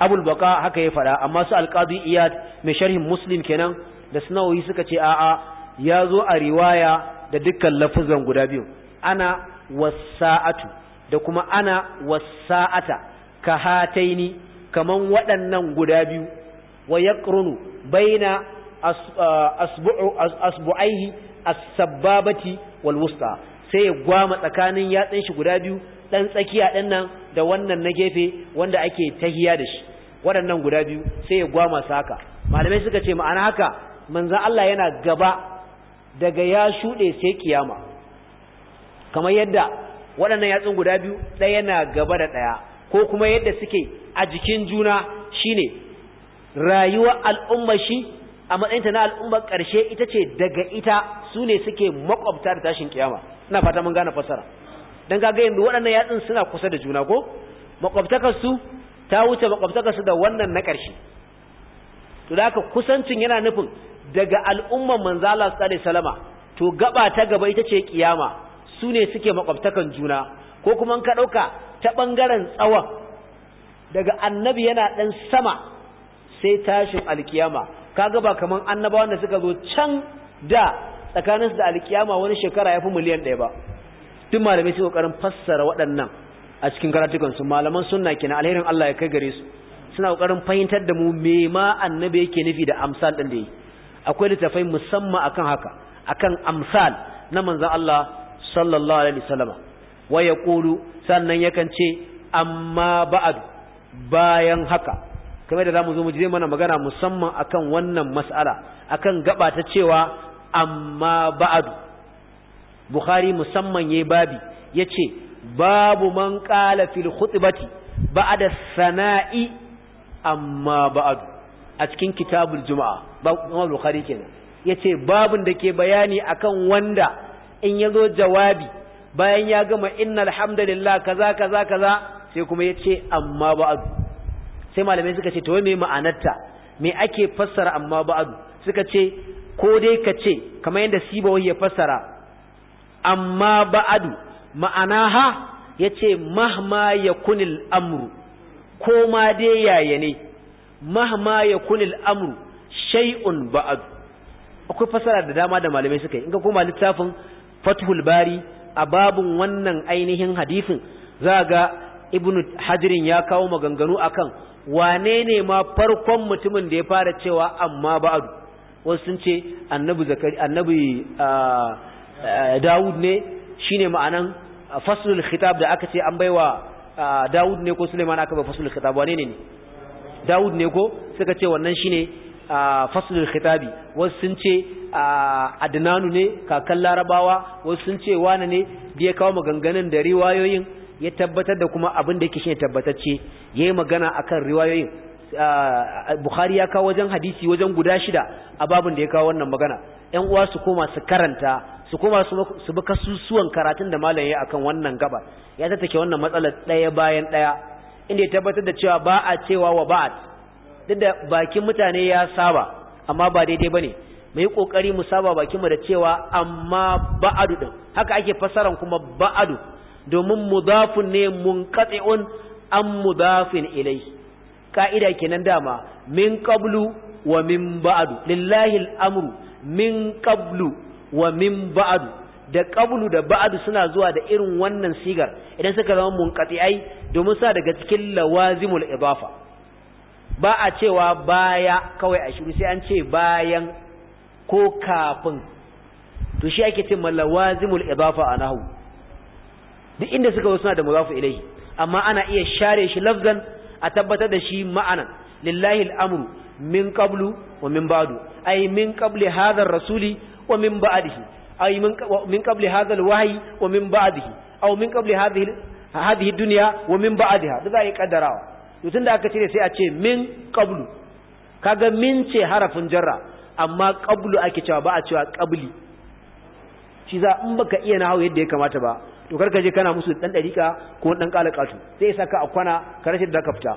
abul baka haka ya fada amma su alqadi iyad mai sharhin muslim kenan da sunawi suka ce a'a ya zo a riwaya da dukkan lafuzan guda biyu ana wasa'atu da kuma ana wasa'ata ka hataini kaman waɗannan guda biyu wa yaqrunu baina uh, asbu'aihi as-sabbabati wal wusta sai ya gwama tsakanin yatsun shi guda biyu dan tsakiya din nan da wannan na gefe wanda ake tahiya da shi waɗannan guda biyu sai ya gwama su haka malamai suka ce ma'ana haka manzon Allah yana gaba daga ya shuɗe sai kiyama kamar yadda waɗannan yatsun guda biyu ɗaya na gaba da ɗaya ko kuma yadda suke a jikin juna shine rayuwar al'umma shi a matsayinta na al'ummar ƙarshe ita ce daga ita su ne suke makwabta da tashin kiyama ina fata mun gane fasara don kaga yanzu waɗannan yatsun suna kusa da juna ko makwabtakarsu ta wuce makwabtakarsu da wannan na ƙarshe to da aka kusancin yana nufin daga al'ummar manzala su tsare salama to gaba ta gaba ita ce kiyama su ne suke makwabtakan juna ko kuma ka ɗauka ta ɓangaren tsawon daga annabi yana ɗan sama sai tashin alkiyama kaga ba kamar annabawa da suka zo can da tsakaninsu da alkiyama wani shekara ya fi miliyan ɗaya ba duk malamai su ƙoƙarin fassara waɗannan a cikin karatukansu malaman sunna kenan alherin Allah ya kai gare su suna ƙoƙarin fahimtar da mu me ma annabi yake nufi da amsal ɗin da yi akwai littafai musamman akan haka akan amsal na manzon Allah sallallahu alaihi wasallam wa yaqulu sannan yakan ce amma ba'ad bayan haka kamar da zamu zo mu je mana magana musamman akan wannan mas'ala akan gaba ta cewa amma ba'ad Bukhari musamman yayi babi yace babu man qala fil khutbati ba'da sana'i amma ba'ad a cikin kitabul juma'a babu Bukhari kenan yace babun da ke bayani akan wanda in yazo jawabi bayan ya gama inna alhamdulillah kaza kaza kaza sai kuma ya ce amma ba'adu sai malamai suka ce to me ma'anarta me ake fassara amma ba'adu suka ce ko dai ka ce kamar yadda sibawai ya fassara amma ba'adu ma'ana ma'anaha yace mahma yakunil amru ko ma dai yaya ne mahma yakunil amru shay'un ba'adu akwai fasara da dama da malamai suka yi in ka koma littafin fathul bari a babun wannan ainihin hadisin za ga ibnu hajirin ya kawo maganganu akan wane ne ma farkon mutumin da ya fara cewa amma ba'adu wasu sun ce annabi zakari annabi dawud ne shine ma'anan faslul khitab da aka ce an baiwa dawud ne ko suleiman aka bai faslul khitab wane ne dawud ne ko suka ce wannan shine faslul khitabi wasu sun ce adnanu ne kakan larabawa wasu sun ce wane ne da ya kawo maganganun da riwayoyin ya tabbatar da kuma abin da yake shi tabbatacce yayi magana akan riwayoyin Bukhari ya kawo wajen hadisi wajen guda shida a babin da ya kawo wannan magana ƴan uwa su koma su karanta su koma su bi kasusuwan karatun da malam ya akan wannan gaba ya tattake wannan matsalar ɗaya bayan ɗaya inda ya tabbatar da cewa ba a cewa wa ba'at duk da bakin mutane ya saba amma ba daidai bane mu yi kokari mu saba bakin mu da cewa amma ba'adu din haka ake fasaran kuma ba'adu domin mudafun ne munqati'un an mudafin ilai ka'ida kenan dama min qablu wa min ba'adu lillahi al'amru min qablu wa min ba'adu da qablu da ba'adu suna zuwa da irin wannan sigar idan suka zama munqati'ai domin sa daga cikin lawazimul idafa ba a cewa baya kawai a shiru sai an ce bayan ko kafin to shi ake ce malawazimul idafa a nahu duk inda suka zo suna da mudafu ilaihi amma ana iya share shi lafzan a tabbatar da shi ma'anan lillahi al'amru min qablu wa min ba'du ay min qabli hadha ar-rasuli wa min ba'dihi ay min qabli hadha al-wahyi wa min ba'dihi aw min qabli hadhihi hadhihi dunya wa min ba'daha kaddarawa to tunda aka sai a ce min qablu kaga min ce harafin jarra amma qablu ake cewa ba a cewa qabli shi za in baka iya nahawu yadda ya kamata ba to karka je kana musu ɗan ɗarika ko dan ƙatu sai sa ka a kwana ka da ka fita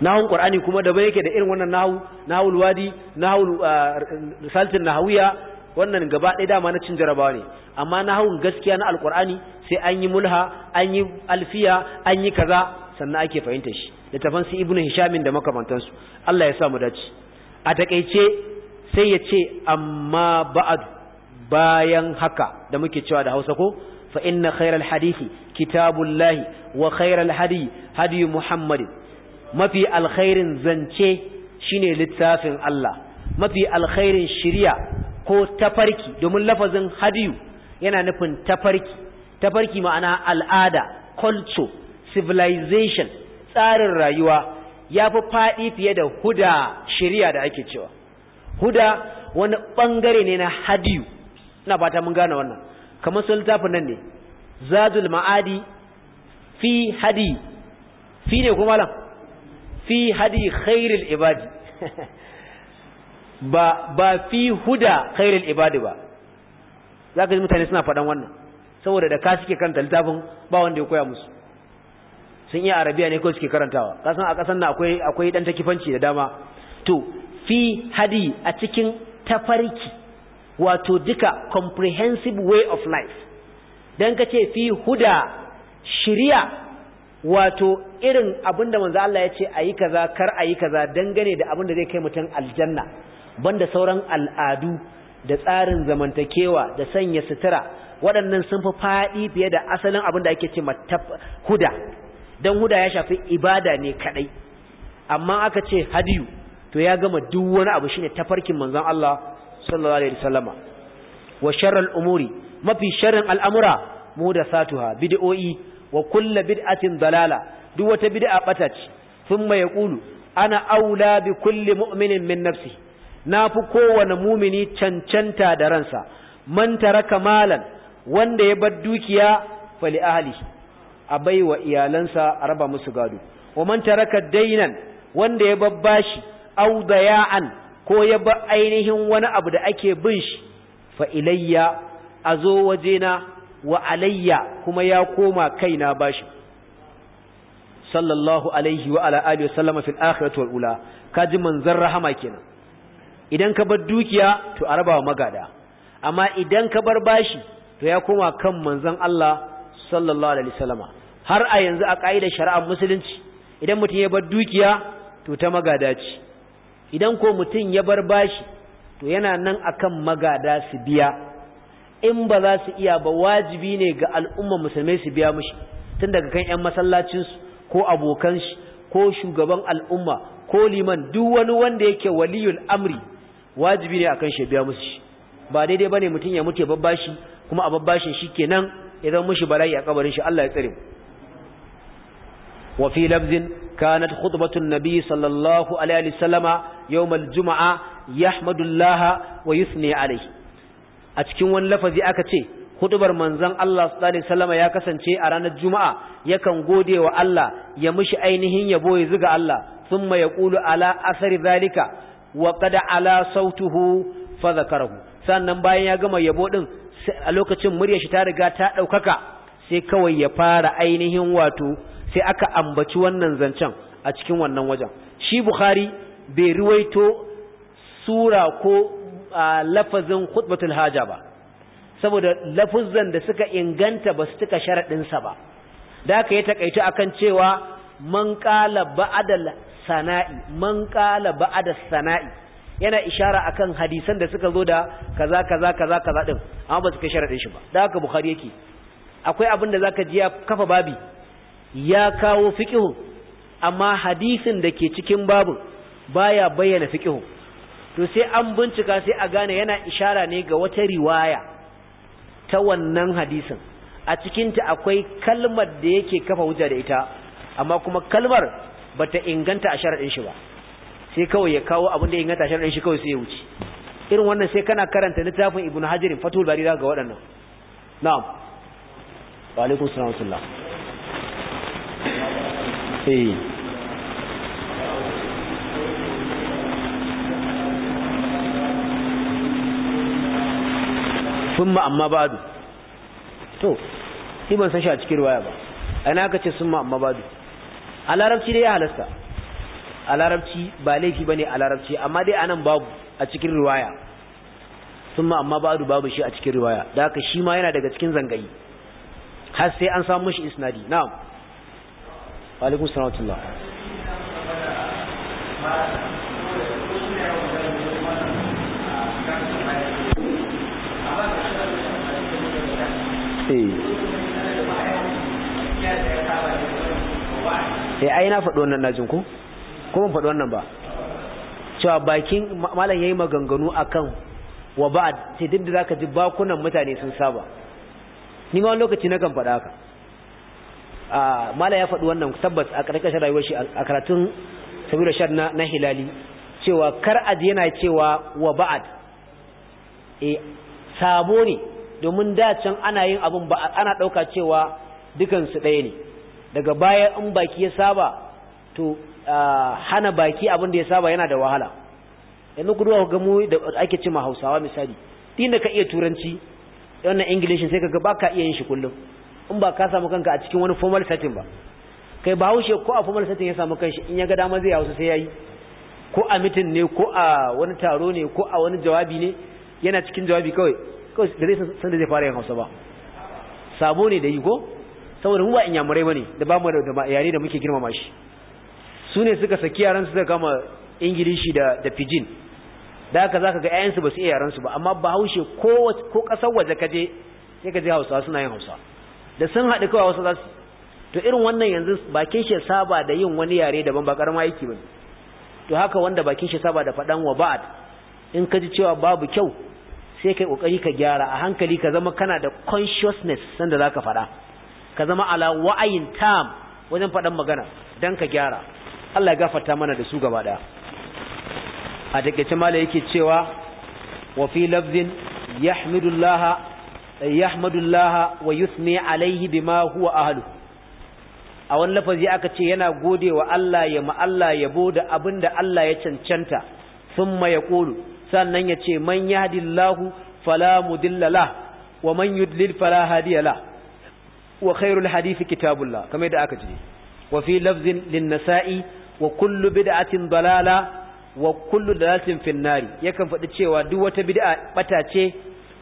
nahun ƙwarani kuma da bai yake da irin wannan nahu nahul wadi nahul ah, risaltin nahawiya wannan gaba ɗaya dama na cin jarabawa ne amma na nahun gaskiya na alƙwarani sai an yi mulha an yi alfiya an yi kaza sannan ake fahimta shi littafan su ibnu hishamin da makamantansu Allah ya sa mu dace a takaice sai ya ce amma ba'ad bayan haka da muke cewa da Hausa ko fa inna khairal hadisi kitabullahi wa khairal hadi hadi muhammadin mafi alkhairin zance shine littafin Allah mafi alkhairin shiriya ko tafarki domin lafazin hadiyu yana nufin tafarki tafarki ma'ana al'ada culture civilization tsarin rayuwa ya fi faɗi fiye da huda shirya da ake cewa huda wani ɓangare ne na hadiyu ina fata mun gane wannan kamar sun littafin nan ne zazul ma'adi fi hadi fi ne kuma lan fi hadi khairul ibadi ba ba fi huda khairul ibadi ba zaka ji mutane suna faɗan wannan saboda da ka suke kan littafin ba wanda ya koya musu sun iya arabiya ne ko suke karantawa kasan a kasan na akwai akwai dan takifanci da dama to fi hadi a cikin tafarki wato duka comprehensive way of life dan kace fi huda shiriya wato irin abinda manzo Allah ya ce ayi kaza kar ayi kaza dangane da abinda zai kai mutum aljanna banda sauran al'adu da tsarin zamantakewa da sanya sutura waɗannan sun fi faɗi fiye da asalin abin da ake ce huda dan huda ya shafi ibada ne kadai amma aka ce hadiyu to ya gama duk wani abu shine tafarkin manzon Allah sallallahu alaihi wasallama wa sharral umuri mafi sharrin al'amura muhdathatuha bid'o'i wa kullu bid'atin dalala duk wata bid'a bata ce thumma yaqulu ana aula bi kulli mu'minin min nafsi nafi kowane mumini cancanta da ransa man taraka malan wanda ya bar dukiya fali ahlihi a bai wa iyalansa a raba musu gado waman taraka dainan wanda ya babbashi au daya'an ko ya ba ainihin wani abu da ake bin shi fa ilayya a zo wajena wa alayya kuma ya koma kaina bashi sallallahu alaihi wa ala alihi wasallama fil akhirati wal ula kaji manzar rahama kenan idan ka bar dukiya to a wa magada amma idan ka bar bashi to ya koma kan manzon Allah sallallahu alaihi wasallama har a yanzu a kaidar shari'ar musulunci idan mutum ya bar dukiya to ta magada ce idan ko mutum ya bar bashi to yana nan akan magada su biya in ba za su iya ba wajibi ne ga al'umma musulmai su biya mushi tun daga kan 'yan masallacinsu ko abokan shi ko shugaban al'umma ko liman duk wani wanda yake waliyul amri wajibi ne akan shi biya musu ba daidai bane mutum ya mutu ya babbashi kuma a babbashin shi kenan Idan mushi bala'i a kabarin shi Allah ya tsare mu wa fi labzin kanat khutbatun nabi sallallahu alaihi wasallama yawmal juma'a yahmadullah wa yuthni alaihi a cikin wani lafazi aka ce hudubar manzon Allah sallallahu alaihi ya kasance a ranar juma'a yakan gode wa Allah ya mushi ainihin yabo ya zuga Allah thumma yaqulu ala asari zalika wa qad ala sautuhu fa zakarahu sannan bayan ya gama yabo din a lokacin muryar shi ta riga ta ɗaukaka sai kawai ya fara ainihin wato sai aka ambaci wannan zancen a cikin wannan wajen shi bukhari bai ruwaito sura ko lafazin khutbatul haja ba saboda lafuzan da suka inganta ba su tuka sharaɗinsa ba da aka yi takaitu akan cewa man ƙala ba'adal sana'i man qala sana'i yana ishara kan hadisan da suka zo da kaza kaza kaza kaza din amma ba su kai sharadin shi ba da haka bukhari yake akwai abin da za ka ji ya kafa babi ya kawo fiqhu amma hadisin da ke cikin babu baya bayyana fiqhu to sai an bincika sai a gane yana ishara ne ga wata riwaya ta wannan hadisin a cikinta akwai kalmar da yake kafa wuta da ita amma kuma kalmar bata inganta a sharadin shi ba sai kawai ya kawo abin da ya inganta shi shi kawai sai ya wuce irin wannan sai kana karanta littafin ibnu hajarin fatul bari daga waɗannan na'am wa alaikum salam wa eh summa amma ba'du to shi ban a cikin riwaya ba ana ka ce summa amma ba'du a larabci dai ya halasta a larabci ba laifi ne a larabci amma dai anan babu a cikin riwaya ma amma ba'du babu shi a cikin riwaya da haka shi ma yana daga cikin zangayi har sai an samu shi isnadi na'am wa alaikum assalam wa eh. eh ai na faɗo wannan najin ku ko ban faɗi wannan ba cewa bakin malam yayi maganganu akan wa ba sai duk da zaka ji bakunan mutane sun saba ni ma lokaci na kan faɗa haka a malam ya faɗi wannan tabbas a karkashin rayuwar shi a karatun sabira shar na, na hilali cewa kar aji yana cewa wa ba'ad e sabo ne domin da can ana yin abun ba ana ɗauka cewa dukansu ɗaya ne daga baya in baki ya saba to Ah, hana baki abin da ya saba yana da wahala yanzu ku duwa ga mu da ake cewa Hausawa misali din da ka iya turanci wannan English sai kaga baka iya yin shi kullum in ba ka samu kanka a cikin wani formal setting ba kai Bahaushe ko a formal setting ya samu kanshi in ya ga dama zai Hausa sai yayi ko a meeting ne ko a wani taro ne ko a wani jawabi ne yana cikin jawabi kawai kawai da zai san da zai fara yin Hausa ba sabo ne da yi ko saboda mu ba inyamurai bane da ba mu da yare da muke girmama shi su ne suka saki yaransu suka kama ingilishi da da pidgin da haka zaka ga 'ya'yansu ba su iya yaransu ba amma bahaushe ko ko kasar waje kaje sai ka je hausawa suna yin hausa da sun haɗu kawai wasu za su to irin wannan yanzu bakin shi saba da yin wani yare daban ba karama yake ba to haka wanda bakin shi saba da faɗan wa ba'ad in ka ji cewa babu kyau sai kai kokari ka gyara a hankali ka zama kana da consciousness sanda zaka faɗa ka zama ala wa'ayin tam wajen faɗan magana dan ka gyara Allah ya gafarta mana da su gaba daya a takeice mala yake cewa wa fi lafzin yahmidullaha yahmadullaha wa yusmi alaihi bima huwa ahlu a wani lafazi aka ce yana gode wa Allah ya ma'alla yabo da abin da Allah ya cancanta thumma yaqulu sannan ya ce man yahdillahu fala mudillala wa man yudlil fala hadiyala wa khairul hadith kitabullah kamar yadda aka ji wa fi lafzin lin-nasa'i wa kullu bid'atin dalala wa kullu dalalatin fin ya yakan faɗi cewa duk wata bid'a bata ce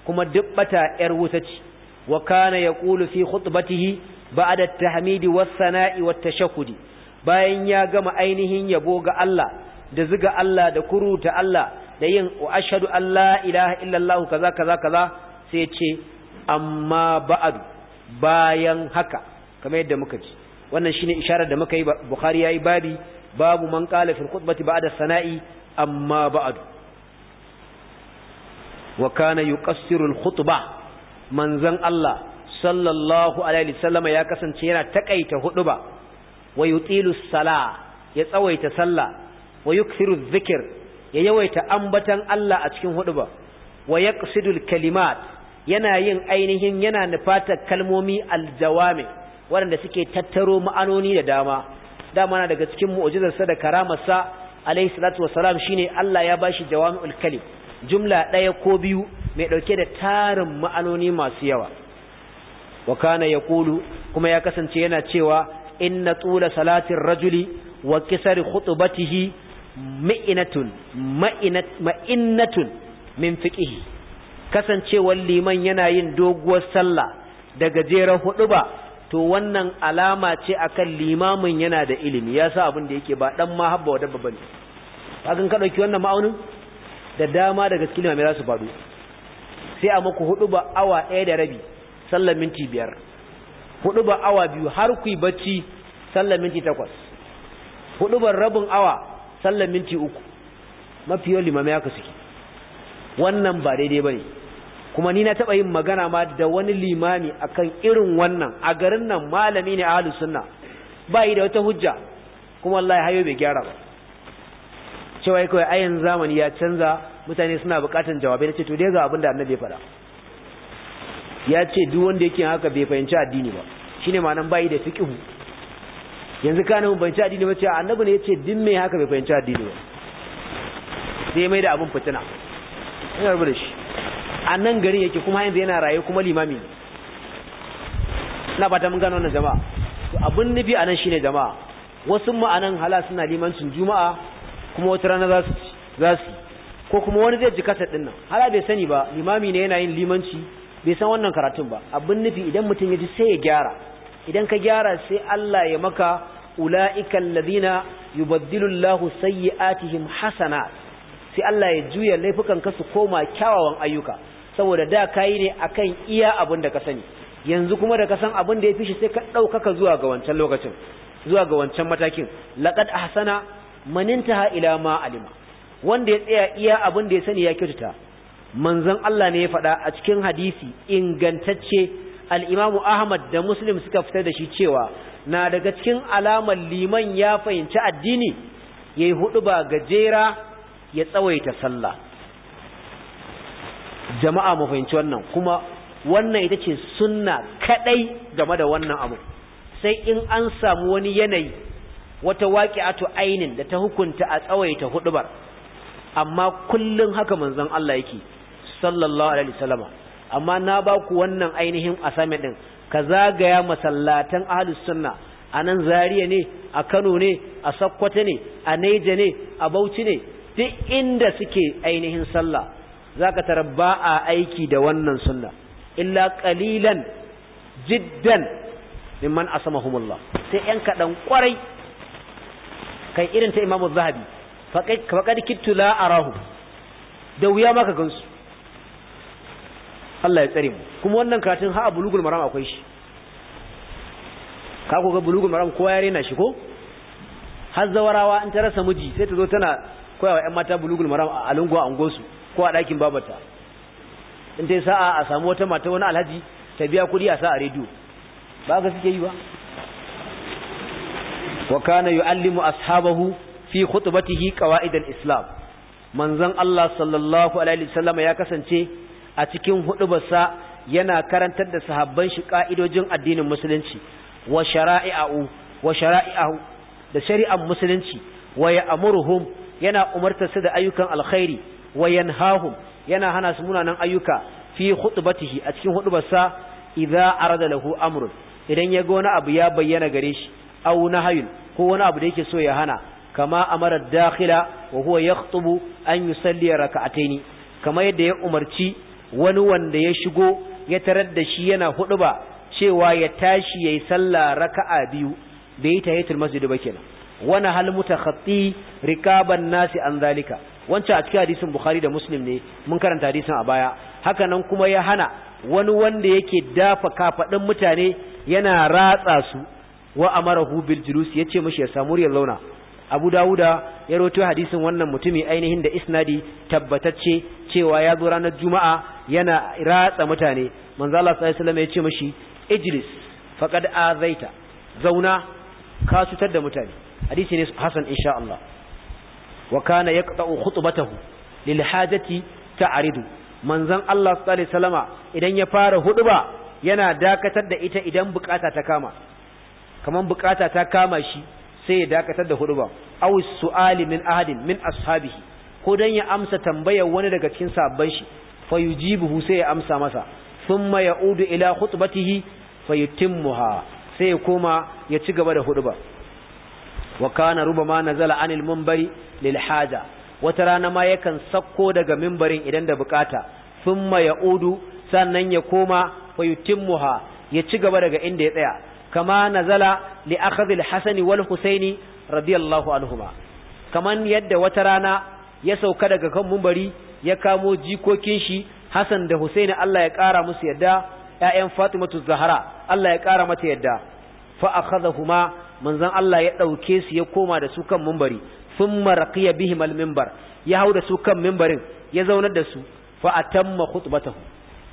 kuma duk bata yar wuta ce wa kana yaqulu fi khutbatihi ba'da at-tahmidi was-sana'i wat-tashahhudi bayan ya gama ainihin yabo ga Allah da ziga Allah da kuruta Allah da yin wa ashhadu an la ilaha Allah kaza kaza kaza sai ce amma ba'ad bayan haka kamar yadda muka ji wannan shine isharar da muka yi Bukhari yayi babi babu man qala fil khutbati ba'da sana'i amma ba'du wa kana yuqassiru al khutba manzan Allah sallallahu alaihi wasallam ya kasance yana takaita huduba wa yutilu sala ya tsawaita sallah wa yukthiru dhikr ya yawaita ambatan Allah a cikin huduba wa yaqsidul kalimat yana yin ainihin yana nufata kalmomi aljawami waɗanda suke tattaro ma'anoni da dama dama na daga cikin mu'jizarsa da karamarsa alayhi salatu wassalam shine Allah ya bashi jawami'ul kalim jumla ɗaya ko biyu mai ɗauke da tarin ma'anoni masu yawa wa kana yaqulu kuma ya kasance yana cewa inna tula salatin rajuli wa kisar khutbatihi ma'inatun ma'innatun min fiqihi kasancewar liman yana yin doguwar sallah da gajeren huɗuba to wannan alama ce akan limamin yana da ilimi ya sa abin da yake ba dan ma habba dabba bane. kagan ka dauki wannan ma'aunin da dama daga cikin limamai za su faɗo sai a maku hudu ba awa ɗaya da rabi sallar minti biyar hudu ba awa biyu har ku yi bacci sallar minti takwas hudu ba rabin awa sallar minti uku mafi yawan limamai haka suke wannan ba daidai ba ne kuma ni na taɓa yin magana ma da wani limami akan irin wannan a garin nan malami ne ahlus sunna ba yi da wata hujja kuma ya hayo bai gyara ba cewa kawai ayin zamani ya canza mutane suna buƙatar jawabai na ce to dai ga abin da annabi ya faɗa ya ce duk wanda yake haka bai fahimci addini ba shine ma'anan bai da fiqhu yanzu kana mun fahimci addini ba ce annabi ne yace din me haka bai fahimci addini ba sai mai da abin fitina ina rubuta shi a nan garin yake kuma yanzu yana raye kuma limami na fata mun gano wannan jama'a to abin nufi a nan shine jama'a wasu mu a hala suna limancin juma'a kuma wata rana za su za su ko kuma wani zai ji kasa ɗin nan hala bai sani ba limami ne yana yin limanci bai san wannan karatun ba abin nufi idan mutum ya ji sai ya gyara idan ka gyara sai Allah ya maka ula'ika alladhina yubaddilu Allahu sayyi'atihim hasanat sai Allah ya juya laifukan ka su koma kyawawan ayyuka saboda da kayi ne akan iya abin da ka sani yanzu kuma da ka san abin da ya fi shi sai ka ɗaukaka zuwa ga wancan lokacin zuwa ga wancan matakin laqad ahsana manintaha ila ma alima wanda ya tsaya iya abin da ya sani ya kyautata manzon Allah ne ya faɗa a cikin hadisi ingantacce al-Imam Ahmad da Muslim suka fitar da shi cewa na daga cikin alamar liman ya fahimci addini yayi hudu ba gajera ya tsawaita sallah jama'a mu fahimci wannan kuma wannan ita ce sunna kadai game da wannan abu sai in an samu wani yanayi wata waqi'atu ainin da ta hukunta a tsawaita hudubar amma kullum haka manzon Allah yake sallallahu alaihi wasallama amma na ba ku wannan ainihin asami din ka zagaya masallatan ahlus sunna a nan Zariya ne a Kano ne a Sokoto ne a Naija ne a Bauchi ne duk inda suke ainihin sallah zaka tara ba a aiki da wannan sunna illa ƙalilan jiddan mimman asamahumullah sai yan kaɗan kwarai kai irin ta imamu zahabi faƙaƙar kittu la rahu da wuya maka gansu Allah ya tsare mu kuma wannan karatun ha bulugul maram akwai shi ka ga bulugul maram kowa ya rena shi ko har zawarawa in ta rasa miji sai ta zo tana koyawa yan mata bulugul maram a lungu a ko a ɗakin babata in ta sa'a a samu wata mata wani alhaji ta biya kuɗi a sa'a rediyo ba ga suke yi ba wa kana yu'allimu ashabahu fi khutbatihi qawaid islam manzon Allah sallallahu alaihi wasallam ya kasance a cikin hudubarsa yana karantar da sahabban shi ka'idojin addinin musulunci wa shara'i'u wa shara'i'u da shari'ar musulunci wa ya'muruhum yana umartar da ayyukan alkhairi wa yanhahum yana hana su munanan ayyuka fi khutbatihi a cikin hudubarsa idza arada lahu amrun idan ya ga wani abu ya bayyana gare shi aw nahyun ko wani abu da yake so ya hana kama amara dakhila wa huwa yakhtubu an yusalli raka'ataini kama yadda ya umarci wani wanda ya shigo ya tarar da shi yana huduba cewa ya tashi yayi sallah raka'a biyu bai yi tahiyatul masjid ba kenan wana hal mutakhatti rikaban nasi an zalika wancan a cikin hadisin bukhari da muslim ne mun karanta hadisin a baya haka nan kuma ya hana wani wanda yake dafa kafaɗin mutane yana ratsa su wa amarahu bil julus yace mishi ya samu riyar launa abu dawuda ya roto hadisin wannan mutumi ainihin da isnadi tabbatacce cewa ya zo ranar juma'a yana ratsa mutane manzo Allah sallallahu alaihi wasallam ya ce mishi ijlis faqad azaita zauna ka da mutane hadisi ne hasan insha Allah wa kana yaqta'u khutbatahu lil hajati ta'ridu manzon Allah sallallahu alaihi idan ya fara huduba yana dakatar da ita idan bukata ta kama kaman bukata ta kama shi sai ya dakatar da huduba aw su'ali min ahadin min ashabihi ko dan ya amsa tambayar wani daga cikin sabban shi fayujibuhu sai ya amsa masa thumma udu ila khutbatihi fayutimmuha sai ya koma ya ci gaba da huduba ruba ma na zala anil munbari lil haja wata rana ma yakan sakko daga mimbarin idan da bukata thumma udu sannan ya koma fa yutimmuha ya ci gaba daga inda ya tsaya kama nazala li akhdhi al-hasan wal husaini radiyallahu anhuma kaman yadda wata rana ya sauka daga kan mumbari ya kamo jikokin shi Hassan da Husaini Allah ya kara musu yadda 'ya'yan Fatimatu Zahra Allah ya kara mata yadda fa akhadhahuma manzon Allah ya ɗauke su ya koma da su kan mimbari sun maraƙiya bihim al-mimbar ya hau da su kan mimbarin ya zaunar da su fa atamma khutbatahu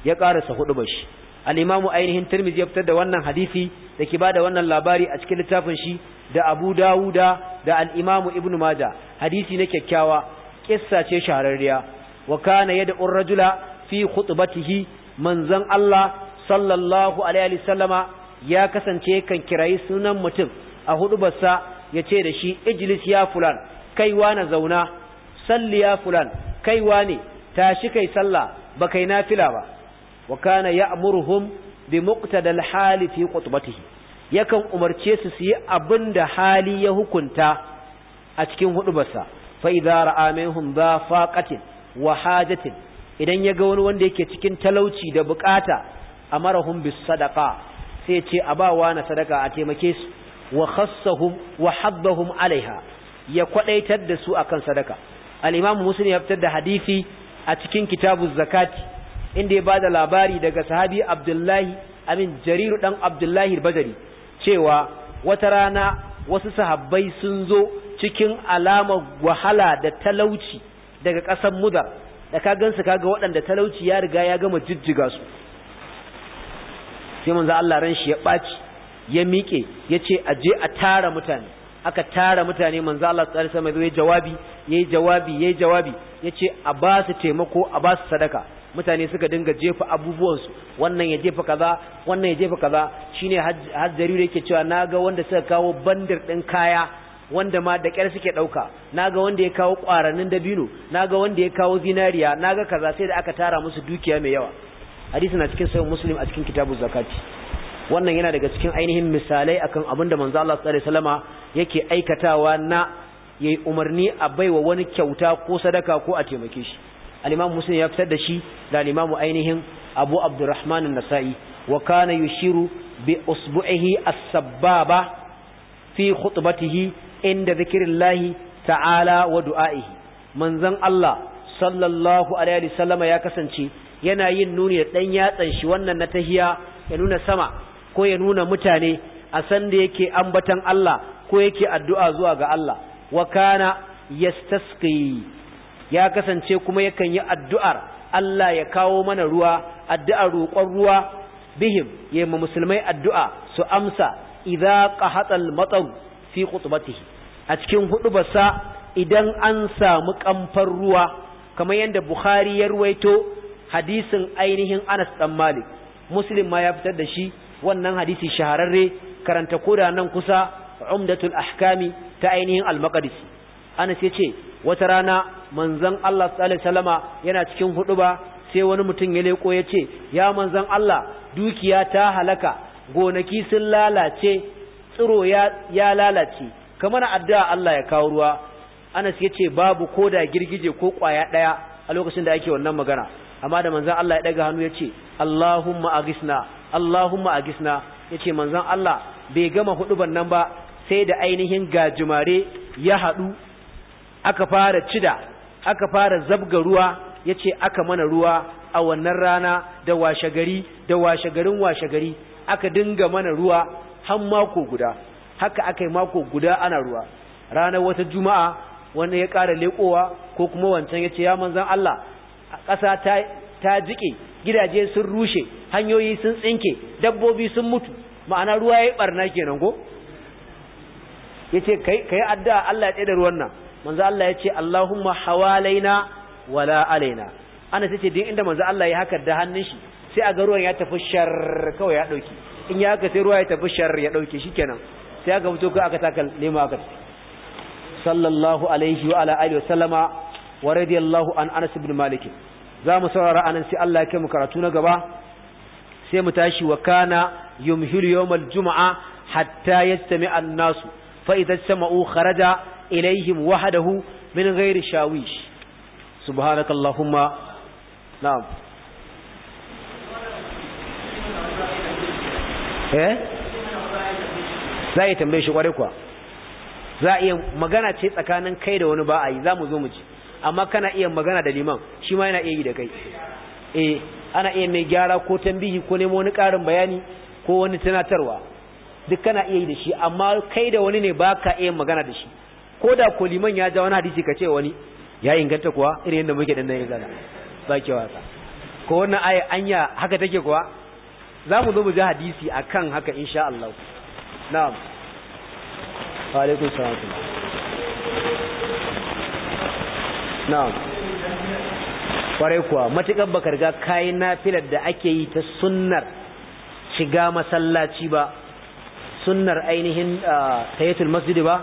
ya karasa hudubar shi al-imamu ainihin tirmidhi ya fitar da wannan hadisi da ke bada wannan labari a cikin littafin shi da Abu Dawuda da al-imamu Ibn Majah hadisi ne kyakkyawa kissa ce shahararriya wa kana yad'u ar-rajula fi khutbatihi manzon Allah sallallahu alaihi wasallama ya kasance kan kirayi sunan mutum a hudu basa ya ce da shi ijlis ya fulan kaiwa na zauna salli ya fulan kaiwa ne shi kai sallah ba kai nafila ba wa kana amurhum bi muqtadal hali fi qutbatihi yakan umarce su su yi abin hali ya hukunta a cikin hudubarsa fa idza ra'a minhum ba faqatin wa hajatin idan ya ga wani wanda yake cikin talauci da bukata amarahum bis sadaqa sai ce a bawa na sadaka a taimake su wa khassahum wa alaiha ya kwadaitar da su akan sadaka al-imamu muslim ya fitar da hadisi a cikin kitabu zakati inda ya bada labari daga sahabi abdullahi amin jariru dan abdullahi bajari cewa wata rana wasu sahabbai sun zo cikin alamar wahala da talauci daga ƙasar mudar da ka gansu kaga waɗanda talauci ya riga ya gama jijjiga su sai manzo Allah ran shi ya ɓaci ya miƙe ya ce a je a tara mutane aka tara mutane manzo Allah sallallahu alaihi wasallam jawabi yayi jawabi yayi jawabi ya ce a ba su taimako a ba su sadaka mutane suka dinga jefa abubuwansu wannan ya jefa kaza wannan ya jefa kaza shine har jarire yake cewa naga wanda suka kawo bandir din kaya wanda ma da ƙyar suke ɗauka naga wanda ya kawo ƙwararrun dabino ga wanda ya kawo zinariya na ga kaza sai da aka tara musu dukiya mai yawa hadisi na cikin sahih muslim a cikin kitabu zakati wannan yana daga cikin ainihin misalai akan abin da manzo Allah sallallahu alaihi wasallama yake aikatawa na yayi umarni a baiwa wani kyauta ko sadaka ko a taimake shi al-Imam Muslim ya fitar da shi da al-Imam ainihin Abu Abdurrahman an-Nasa'i wa kana yushiru bi usbu'ihi as-sabbaba fi khutbatihi inda zikrillahi ta'ala wa du'a'ihi manzon Allah sallallahu alaihi wasallama ya kasance yana yin nuni da dan yatsan shi wannan na tahiya ya nuna sama ko ya nuna mutane a san da yake ambatan Allah ko yake addu'a zuwa ga Allah wa kana yastasqi ya kasance kuma yakan yi addu'ar Allah ya kawo mana ruwa addu'ar roƙon ruwa bihim yayma musulmai addu'a su amsa idza ka al-matar fi khutbatihi a cikin basa idan an samu kamfar ruwa kamar yadda Bukhari ya ruwaito hadisin ainihin Anas dan Malik Muslim ma ya fitar da shi wannan hadisi shahararre karanta koda nan kusa umdatul ahkami ta ainihin al ana anas yace wata rana manzon Allah sallallahu alaihi wasallama yana cikin huduba sai wani mutum ya leko ce ya manzon Allah dukiya ta halaka gonaki sun lalace tsiro ya ya lalace kamar addu'a Allah ya kawo ruwa Anas yace babu koda girgije ko kwaya daya a lokacin da ake wannan magana amma da manzon Allah ya daga hannu yace Allahumma aghisna Allahumma agisna yace manzan Allah bai gama huduban nan ba sai da ainihin gajimare ya haɗu aka fara cida aka fara zabga ruwa yace aka mana ruwa a wannan rana da washegari da washegarin washegari aka dinga mana ruwa har mako guda haka aka yi mako guda ana ruwa ranar wata juma'a wanda ya ƙara leƙowa ko kuma wancan ya ce ya manzan Allah a ƙasa ta jiƙe gidaje sun rushe hanyoyi sun tsinke dabbobi sun mutu ma'ana ruwa ya yi barna kenan ko yace kai kai addu'a Allah ya tsare ruwan nan manzo Allah ya yace Allahumma hawalaina wala alaina ana tace din inda manzo Allah ya haka da hannun shi sai a ga ruwan ya tafi shar kawai ya dauki in ya haka sai ruwa ya tafi shar ya dauke shikenan sai aka fito ka aka takal nema aka sallallahu alaihi wa ala alihi wa sallama wa radiyallahu an Anas ibn Malik za mu saurara anan sai Allah ya kai mu karatu na gaba sai mu tashi wa kana yumhil yawmal jumu'a hatta yastami'a an-nasu fa idza sama'u kharaja ilaihim wahdahu min ghairi shawish subhanakallahumma na'am eh za a yi tambaye shi kware kuwa za iya magana ce tsakanin kai da wani ba za mu zo mu ji amma kana iya magana da liman shi ma yana iya yi da kai eh ana iya mai gyara ko tambihi ko nemo wani ƙarin bayani ko wani tunatarwa duk kana iya yi da shi amma kai da wani ne baka iya magana da shi ko da ko liman ya ja wani hadisi ka ce wani ya inganta kuwa irin yadda muke dandan ya zana ba ke wasa ko wannan aya anya haka take kuwa za mu zo mu ji hadisi akan haka insha Allah na'am wa alaikum salaam na'am kwarai kuwa matuƙar bakar ga kayi nafilar da ake yi ta sunnar shiga masallaci ba sunnar ainihin tayatul masjid ba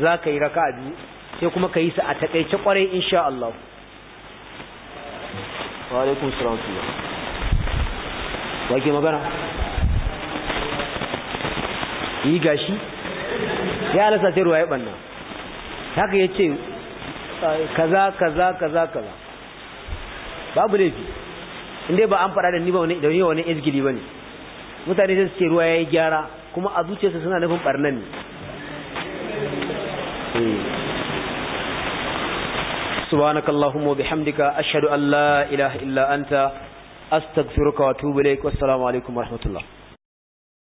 za ka yi a biyu sai kuma ka yi su a taƙaice kwarai insha Allah wa alaikum salam wa ke magana yi gashi ya alasa sai ruwa ya ɓanna haka ya ce kaza kaza kaza kaza babu laifi inda ba an fara da ni ba wani da ni wani izgili bane mutane sai ce ruwa yayi gyara kuma a zuciyarsa suna nufin barnan ne سبحانك اللهم وبحمدك أشهد أن لا إله إلا أنت أستغفرك وأتوب إليك والسلام عليكم ورحمة الله